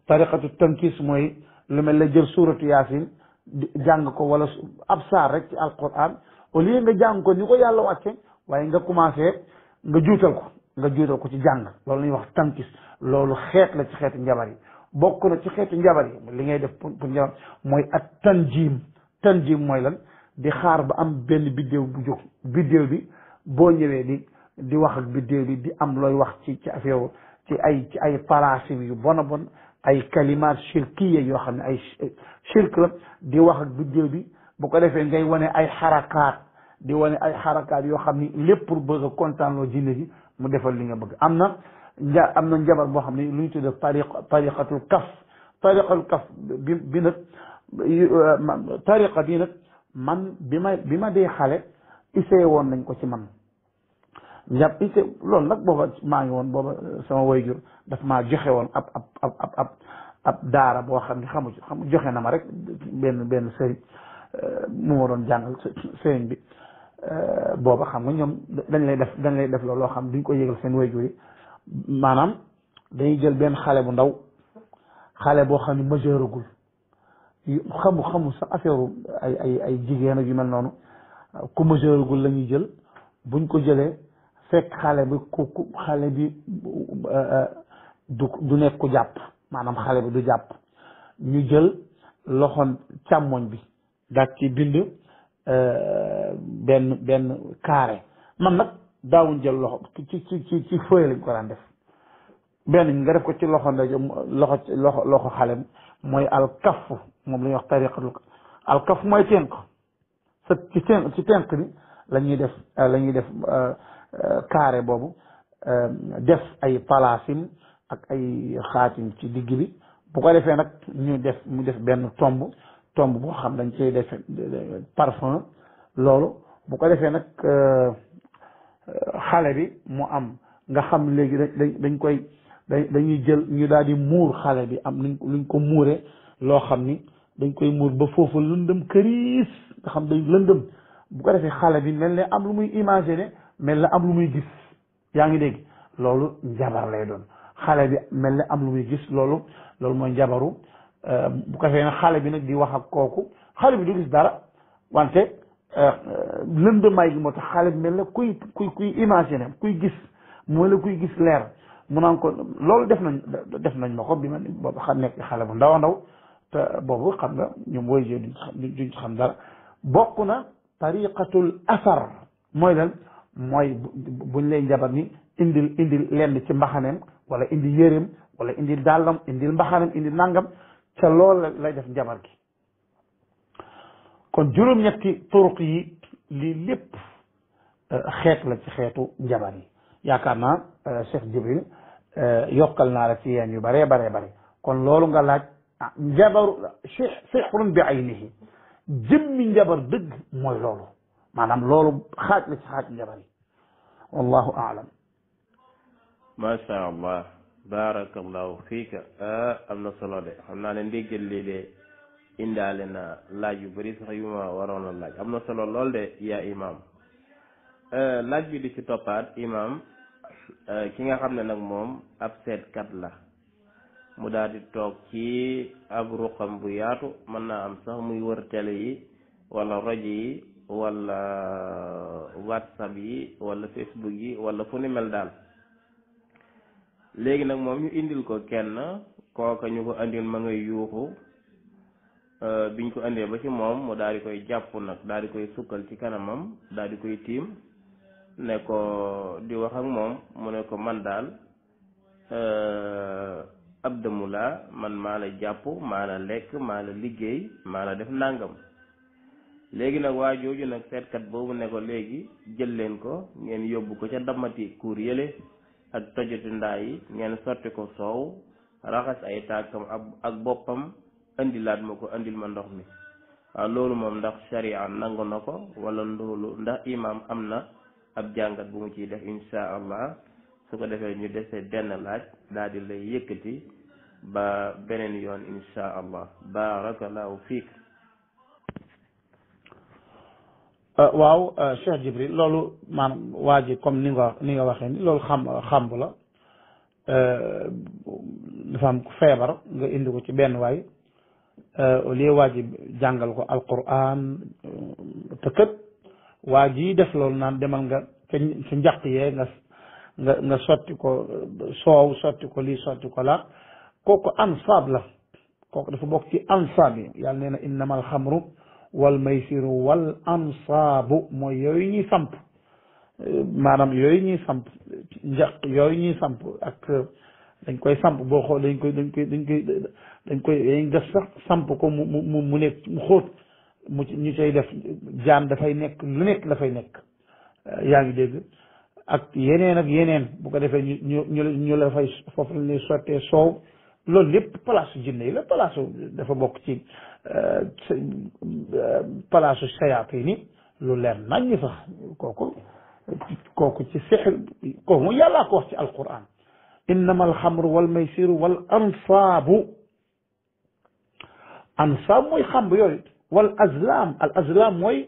tariqatu tankiis mooy lu mel la jël suuratu yaasin di jàng ko wala ab saar rek ci alquran au lieu nga jàng ko ni ko yàlla wàcce waaye nga commencé nga juutal ko nga juutal ko ci jàng loolu lañuy wax tankis loolu xeet la ci xeetu njabar yi bokk na ci xeetu njabar yi li ngay def pour njabar mooy ak tanjim tanjim mooy lan di xaar ba am benn biddéew bu jóg biddéew bi boo ñëwee di di wax ak biddéew bi di am looy wax ci ci affaire ci ay ci ay parasim yu bon a bon ay kalimaat shirkiya yoo xam ne ay shirk la di wax ak bi bu ko defee ngay wane ay xarakaat di wane ay xarakaat yoo xam ni lépp pour bëgg a kontaan loo jinne ji mu defal li nga bëgg am na nja am na njabar boo xam ne lu ñu tuddee tariq tariqatul kaf tariqatul kaf bi bi nag euh, tariqa bi nag man bi ma bi ma dee xale essayé woon nañ ko ci man njàpp loolu nag booba maa ngi woon booba euh, sama wayjur daf maa joxe woon ab ab ab daara boo xam ne xamu ci xam joxe na ma rek benn benn sëriñ euh, mu ma doon jàngal sëriñ bi euh, booba xam nga ñoom dañ lay def dañ lay def loolu loo xam duñ ko yëgal seen wayjur maanaam dañuy jël benn xale bu ndaw xale boo xam ne majeuragul xamu xamu sax affaire ay ay jigéen ak yu mel noonu ku majeuragul la jël buñ ko jëlee. fekk xale bi ku xale bi euh, euh, du du jàpp maanaam xale bi du jàpp ñu jël loxoon càmmoñ bi daal ci bind euh, benn benn carré man nag daawuñ jël loxo ci ci ci ci lañ ko daan def benn nga def ko ci loxo ndaje loxo loxo xale mooy alkaf moom la wax tariqatul alkaf mooy tenk sa ci bi lañuy ñuy def la def Euh, carré boobu euh, def ay palaasim ak ay xaatim ci digg bi bu ko defee nag ñu def mu def benn tomb tomb boo xam dañ cay def parfum loolu bu ko defee nag euh, xale bi mu am nga xam léegi dañ dañ koy dañuy jël ñu daal di muur xale bi am luñ luñ ko muuree loo xam ni dañ koy muur ba foofu lëndëm këriis nga xam dañ lëndëm bu ko defee xale bi mel ne am lu muy imaginer mel na am lu muy gis yaa ngi dégg loolu njabar lay doon xale bi mel la am lu muy gis loolu loolu mooy njabaru euh, bu ko fee xale bi nag di wax ak kooku xale bi du gis dara wante lënd euh, lëndëmaay gi moo tax xale bi mel na kuy kuy kuy imaginer kuy gis moo kuy gis leer mu ko loolu def nañ def nañ ma ko bi ma nekk xale bu ndaw ndaw boobu xam na ñoom woy jee duñ xam dara bokk na tariqatul asar mooy lan mooy buñ lay njabar ni indi indil lenn ci mbaxaneem wala indi yéreem wala indi dàllam indi mbaxaneem indi nangam ca loolu lay def njabar gi kon juróom-ñetti turuq yi lii lépp euh, xeet la ci xeetu njabar yi yaakaar naa euh, Cheikh Jibril euh, yokkal naa ci yeen yu baree bare bare kon loolu nga laaj ah, njabaru sihrun bi aynihi jëmmi njabar dëgg mooy loolu maanaam loolu xaaj la ci xaaj njabar yi wallahu aalam macha allah barakallahu fiika ah, am na solo de xam naa ne ndéggal lii de indaale na laaj yu bëri sax yu ma waroon laaj am na solo lool de yaa imam ah, laaj bi di ci toppaat imam ah, ki nga xam ne nag moom ab seetkat la mu daal toog ci ab ruqam bu yaatu mën naa am sax muy wër tele yi walla rajo yi wala uh, whatsapp yi wala facebook yi wala fu mel daal léegi nag moom ñu indil ko kenn kooka ñu ko andil ma ngay yuuxu uh, biñ ko andee ba ci moom mu daal di koy jàpp nag daal di koy sukkal ci kanamam daal di koy tiim ne ko di wax ak moom mu ne ko man daal uh, ab damu laa man maa la jàpp maa la lekk maa la liggéey maa la def ndàngam léegi nag waa jooju nag seetkat boobu ne ko léegi jël leen ko ngeen yóbbu ko ca dammati kuur yële ak tojati ndaa yi ngeen sotti ko soow raxas ay tànkam ak boppam indilaat ma ko indil ma ndox mi waaw ah, loolu moom ndax sharia nangu na ko walla ndoolu ndax imaam am na ab jàngat bu mu ciy def insha allah su ko defee ñu desee benn laaj daal di lay yëkkati ba beneen yoon insha allah barakallahu fiik Euh, waaw euh, Cheikh Jibril loolu maanaam waa ji comme ni nga ni nga waxee ni loolu xam xamb la euh, dafa feebar nga indi ko ci benn waay li lieu jàngal ko alquran te kët waa ji def loolu naan demal nga ca njaq yee nga nga nga sotti ko soow sotti ko lii sotti ko laa kooku ansaab la kooku dafa bokk ci ansaab yi yàlla nee na innamal xamru wal maysiru wal ansaabu mooy yooyu ñuy samp maanaam yooyu ñuy samp njaq yooyu ñuy samp ak dañ koy samp boo xool dañ koy dañ koy dañ koy dañ koy dañ def samp ko mu mu mu nekk mu xóot def jaan dafay nekk dafay nekk yaa ngi dégg ak yeneen ak yeneen bu ko defee ñu ñu ñu ñu la fay foofu la ñuy soow loolu lépp palaasu jinne yi la palaasu dafa bokk ci Eh, eh, palaasu sayatin yi lu leer naññ sax kooku kooku ci sixir kooku mu yàllaa ko wax ci alquran innama alxamru walmaysiru wal ansaabu ansaab mooy xamb yooyu wal azlam al azlam mooy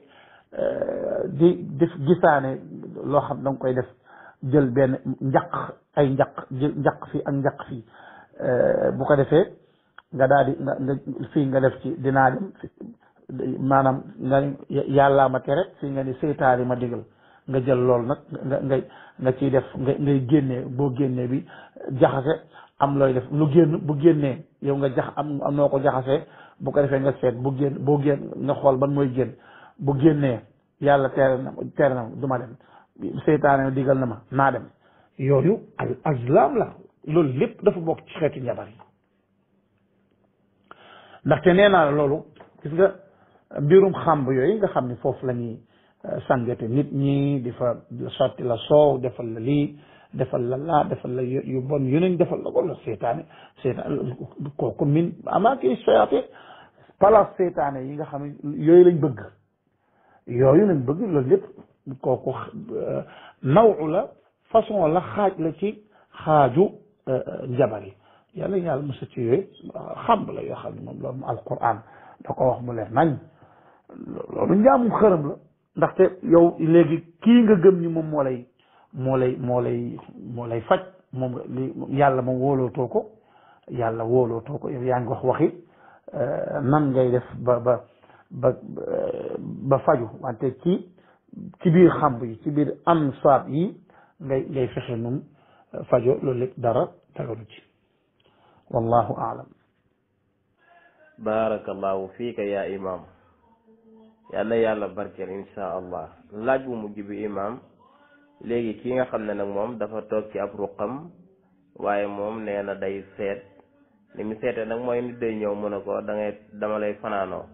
eh, di def gisaane loo xam da nga koy def jël benn njaq ay njaq njaq fii ak njaq fii bu ko defee nga daal di nga fii nga def ci dinaa dem maanaam nga yàllaa ma tere fii nga ni seytaani ma digal nga jël lool nag nga nga nga ciy def nga ngay génnee boo génnee bi jaxase am looy def lu génn bu génnee yow nga jax am noo ko jaxase bu ko defee nga seet bu génn boo génn nga xool ban mooy génn bu génnee yàlla tere na tere na du ma dem seytaane digal na ma naa dem yooyu al azlam la loolu lépp dafa bokk ci xeetu njabar ndaxte nee naa la loolu gis nga mbirum xàmb yooyu nga xam ni foofu la ñuy euh, sàngate nit ñi di sotti la soow defal la lii defal la laa defal la yu bon yu nañ defal la wala seytaane seytaane kooku min amaa kii soyaate palaas seytaane yi nga xam yooyu lañ bëgg yooyu lañ bëgg loolu lépp kooku euh, naw la façon la xaaj la ci xaaju euh, njabar yi yàlla yàlla mos a ciwee xam la yoo xam ne moom loolu mu alquran da ko wax mu leer nañ loolu njaamum xërëm la ndaxte yow léegi kii nga gëm ni moom moo lay moo lay moo lay moo lay faj moom li yàlla moom wóolootoo ko yàlla wóolootoo ko yow yaa ngi wax waxi euh, nan ngay def ba ba ba ba faju wante ci ci biir xamb yi ci biir am saab yi ngay ngay fexe num fajo loolu lépp dara taganu ci wallahu aalam barakallahu fiika yaa imaam yal na yàlla barkeel insha laaj bu mujj bi imaam léegi ki nga xam ne nag moom dafa toog ci ab ruqam waaye moom nee na day seet li mu seetee nag mooy nit day ñëw mu ne ko da dama lay fanaanoo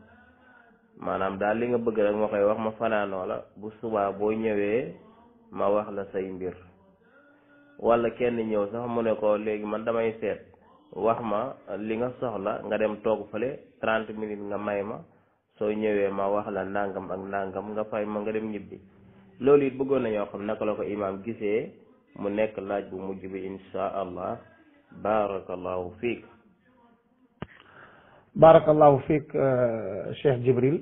maanaam daal li nga bëgg rek ma koy wax ma fanaanoo la bu subaa boo ñëwee ma wax la say mbir walla kenn ñëw sax mu ne ko léegi man damay seet wax ma li nga soxla nga dem toog fële trente minutes nga may ma soo ñëwee ma wax la nangam ak nangam nga fay ma nga dem ñibbi loolu it bëggoon nañoo xam naka la ko imaam gisee mu nekk laaj bu mujj bi insha allah barakallahu fiik barakallahu fiik euh, Cheikh Jibril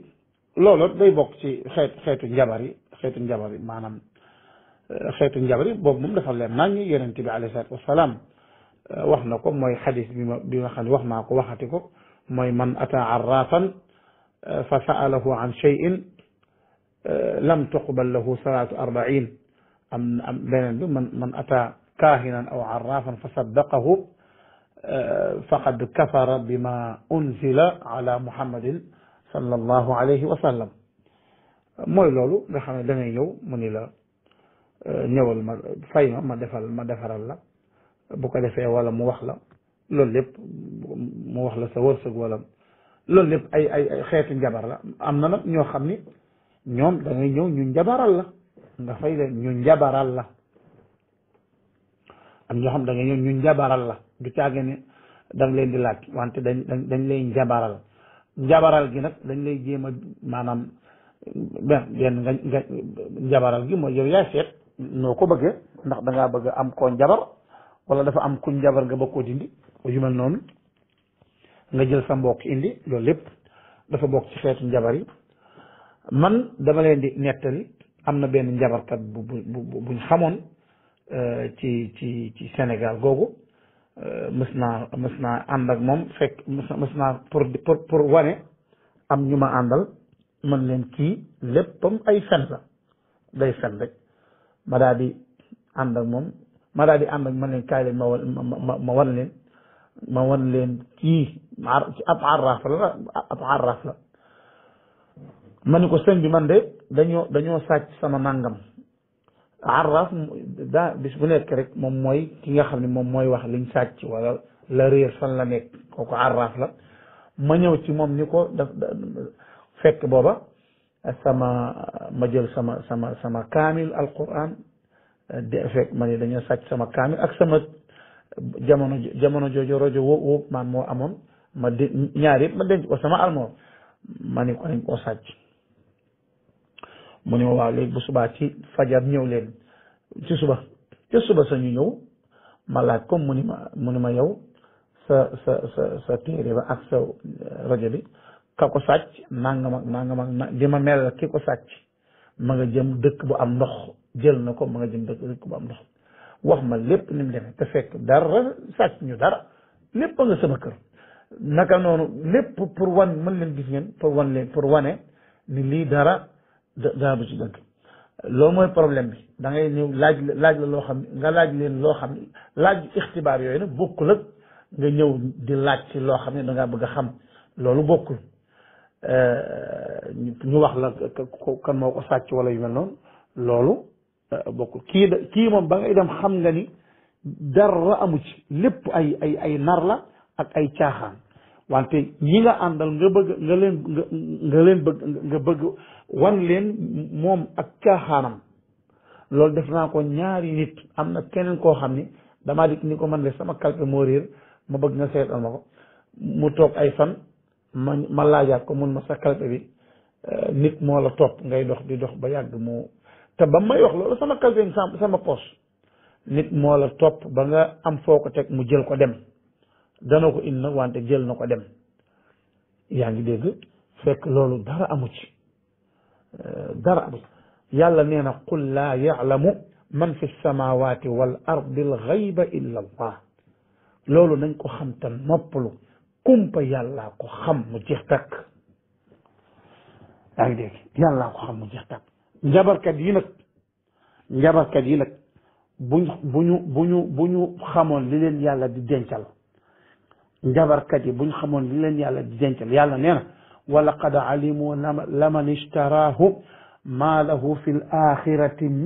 loolu day bokk ci xeetu xeetu njabar yi xeetu njabar yi maanaam euh, xeetu njabar yi boobu moom dafa leer nañ ñu yonent bi alayhi salaatu wasalaam Euh, wax na ko mooy xadis bi ma bi ma xam ne wax naa ko waxati ko mooy man ata arrafan euh, fa saalahu an cheyin euh, lam tuqbal lahu salaatu arbain am am beneen bi man man ata kaahinan aw arrafan fa saddaqahu faqad kafara bima unzila ala muhammadin sallallahu alayhi wa sallam mooy loolu nga xam ne da ngay ñëw mu ni la ñëwal ma fay ma ma defal ma defaral la bu ko defee wala mu wax la loolu lépp mu wax la sa wërsëg wala loolu lépp ay ay ay xeetu njabar la am na nag ñoo xam ni ñoom da ñëw ñu njabaral la nga fay leen ñu njabaral la am ñoo xam da ngay ñëw njabaral la du caage ni da leen di laaj wante dañ dañ lay njabaral njabaral gi nag dañ lay jéem a maanaam benn benn nga nga njabaral gi mooy yow yaay seet noo ko bëggee ndax da ngaa bëgg am koo njabar wala dafa am kuñ jabar nga bëgg koo dindi yu noonu nga jël sa mbokk indi loolu lépp dafa bokk ci xeetu njabar yi man dama leen di nettali am na benn njabarkat bu bu buñ xamoon euh, ci ci ci Sénégal googu euh, mës naa mës naa ànd ak moom fekk mës naa pour pour pour wane am ñu ma àndal man leen kii léppam ay fen la day fen rek ma daal di ànd ak moom ma daal di ànd ak man leen kaay ma wan ma ma leen ma wan leen kii ab arraf la ab la ma ni ko sëñ bi man de dañoo dañoo sàcc sama nàngam arraf daa bis bu nekk rek moom mooy ki nga xam ne moom mooy wax liñ sàcc wala la réer fan la nekk kooku arraf la ma ñëw ci moom ni ko daf fekk booba sama ma jël sama sama sama kaamil alquran de fekk ma ni dañoo sàcc sama kaamil ak sama jamono jamono jooju rajo woo wo man moo amoon ma de ñaar yëpp ma denc ko sama almoor ma ni ko dañ koo sàcc mu ne ma waaw léegi bu subaa ci fajar ñëw leen ci suba ci suba sañu ñëw ma laaj ko mu ni ma mu ni ma yow sa sa sa sa téere ba ak sa rajo bi ka ko sàcc nangam ak nangam ak ma mel ki ko sàcc ma nga jëm dëkk bu am ndox jël na ko ma nga jëm dëkk bu am ndox wax ma lépp ni mu demee te fekk dara sàcc ñu dara lépp a nga sama kër naka noonu lépp pour wan mën leen gis ngeen pour wan leen pour wane ni lii dara dara du ci dëgg loolu mooy problème bi da ngay ñëw laaj laaj la loo xam nga laaj leen loo xam laaj ixtibaar yooyu nag bokkul ak nga ñëw di laaj ci loo xam ne da ngaa bëgg a xam loolu bokkul euh, ñu wax la kan moo ko sàcc wala yu mel noonu loolu Euh, bokkul kii da kii moom ba ngay dem xam nga ni dara amu ci lépp ay ay nar la ak ay caaxaan wante ñi nga àndal nga bëgg nga leen nga leen bëgg nga bëgg wan leen moom ak caaxaanam loolu def naa ko ñaari nit am na keneen koo xam ni dama dikk ni ko man de sama kalpe moo réer ma bëgg nga seetal ma ko mu toog ay fan ma ma laajaat ko mun ma sa kalpe bi euh, nit moo la topp ngay dox di dox ba yàgg mu te ba may wax loolu sama calvin sama poche nit moo topp ba nga am foo ko teg mu jël ko dem dana ko indi nag wante jël na ko dem yaa ngi dégg fekk loolu dara amu ci euh, dara amu ci yàlla nee na qul laa man fi samawati wal ardi al ghayba illa allah loolu nañ ko xam te noppalu kumpa yàllaa ko xam mu jeex takk yaa ngi dégg yàllaa ko xam mu jeex takk njabarkat yi nag njabarkat yi nag buñ xamoon li leen yàlla di dencal njabarkat yi buñ xamoon li leen yàlla di dencal yàlla nee na wa laqad alimu laman ishtaraahu maa lahu fi l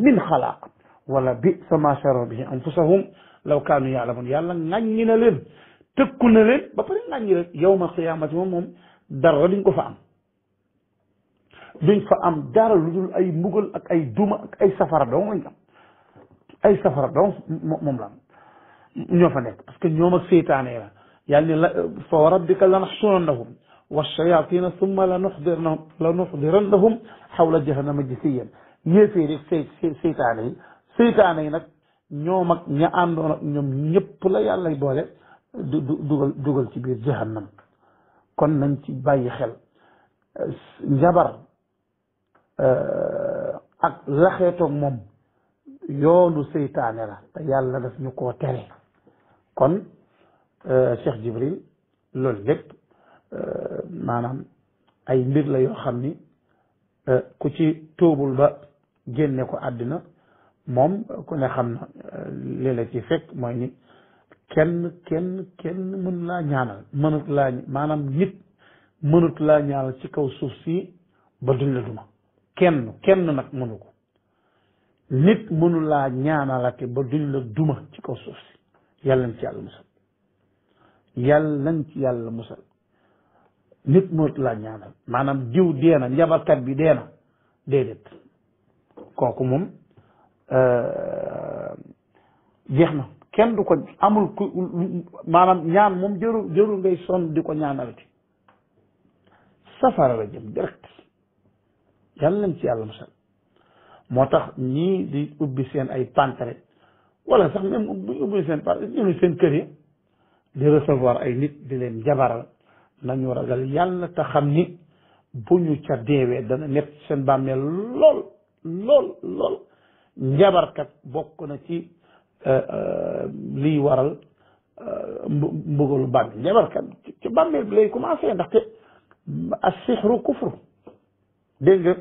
min xalaaq wala bisa ma sharaw bihi anfusahum law kaanu yaalamun yàlla ŋàññi na leen tëkku na leen ba pare ŋàññi leen yowma alqiyaamati moom moom dara duñ ko duñ fa am dara lu dul ay mbugal ak ay duma ak ay safara dong lañ am ay safara dong moom la am ñoo fa nekk parce que ñoom ak seytaane la yàlla ne la fa wa rabbika lanaxsurannahum wasayatina summa lanuxdirna lanuxdirannahum xawla jahannama jisiyan yéeféeri say seytaane yi seytaane yi nag ñoom ak ña àndoon ak ñoom ñëpp la yàlla boole du dugal dugal ci biir jahannam kon nañ ci bàyyi xel njabar Euh, ak laxeetoog moom yoonu seytaane la te yàlla def ñu ko tere kon euh, Cheikh Jibril loolu lépp euh, maanaam ay mbir la yoo xam ni ku ci tóobul ba génne ko àddina moom ku ne xam na li la ci fekk mooy ni kenn kenn kenn mënu laa ñaanal mënut laa maanaam nit mënut laa ñaanal ci kaw suuf si ba duñ la duma kenn kenn nag mënu ko nit mënu laa ñaanalate ba duñ la duma ci kaw suuf si yàlla nañ ci yàlla musal yàlla nañ ci yàlla musal nit mënatu ñaanal maanaam diw dee na njabarkat bi deena na déedéet kooku moom euh, jeex na kenn du ko amul ku maanaam ñaan moom jëru jëru ngay sonn di ko ñaanalati safara la jëm direct yàlla nañ ci yàlla moo tax ñii di ubbi seen ay pantere wala sax même bu ñu ubbi seen pantere ñu seen kër yi di recevoir ay nit di leen jabaral nañu ragal yàlla te xam ni bu ñu ca deewee dana nekk seen bàmmeel lool lool njabarkat bokk na ci euh, euh, liy waral euh, mbugalu bàmmeel njabarkat ci bàmmeel bi lay commencé ndaxte asixru kufru dégg nga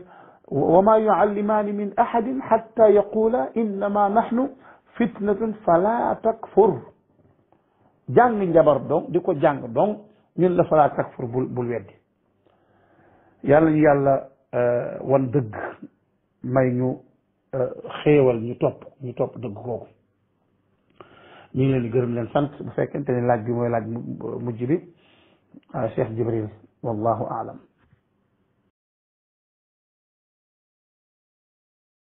wa maa yuallimaani min ahadin xatta yaquula innama nahnu fitnatun fala di ko jàng donc ñun la fala takfur bul bul weddi yàlla ñu euh, wan dëgg may ñu euh, xéewal ñu top ñu topp dëgg googu ñu ngi leen di gërëm leen sant bu fekkente ne laaj bi mooy laaj mujj bi euh, Cheikh Jibril wallahu aalam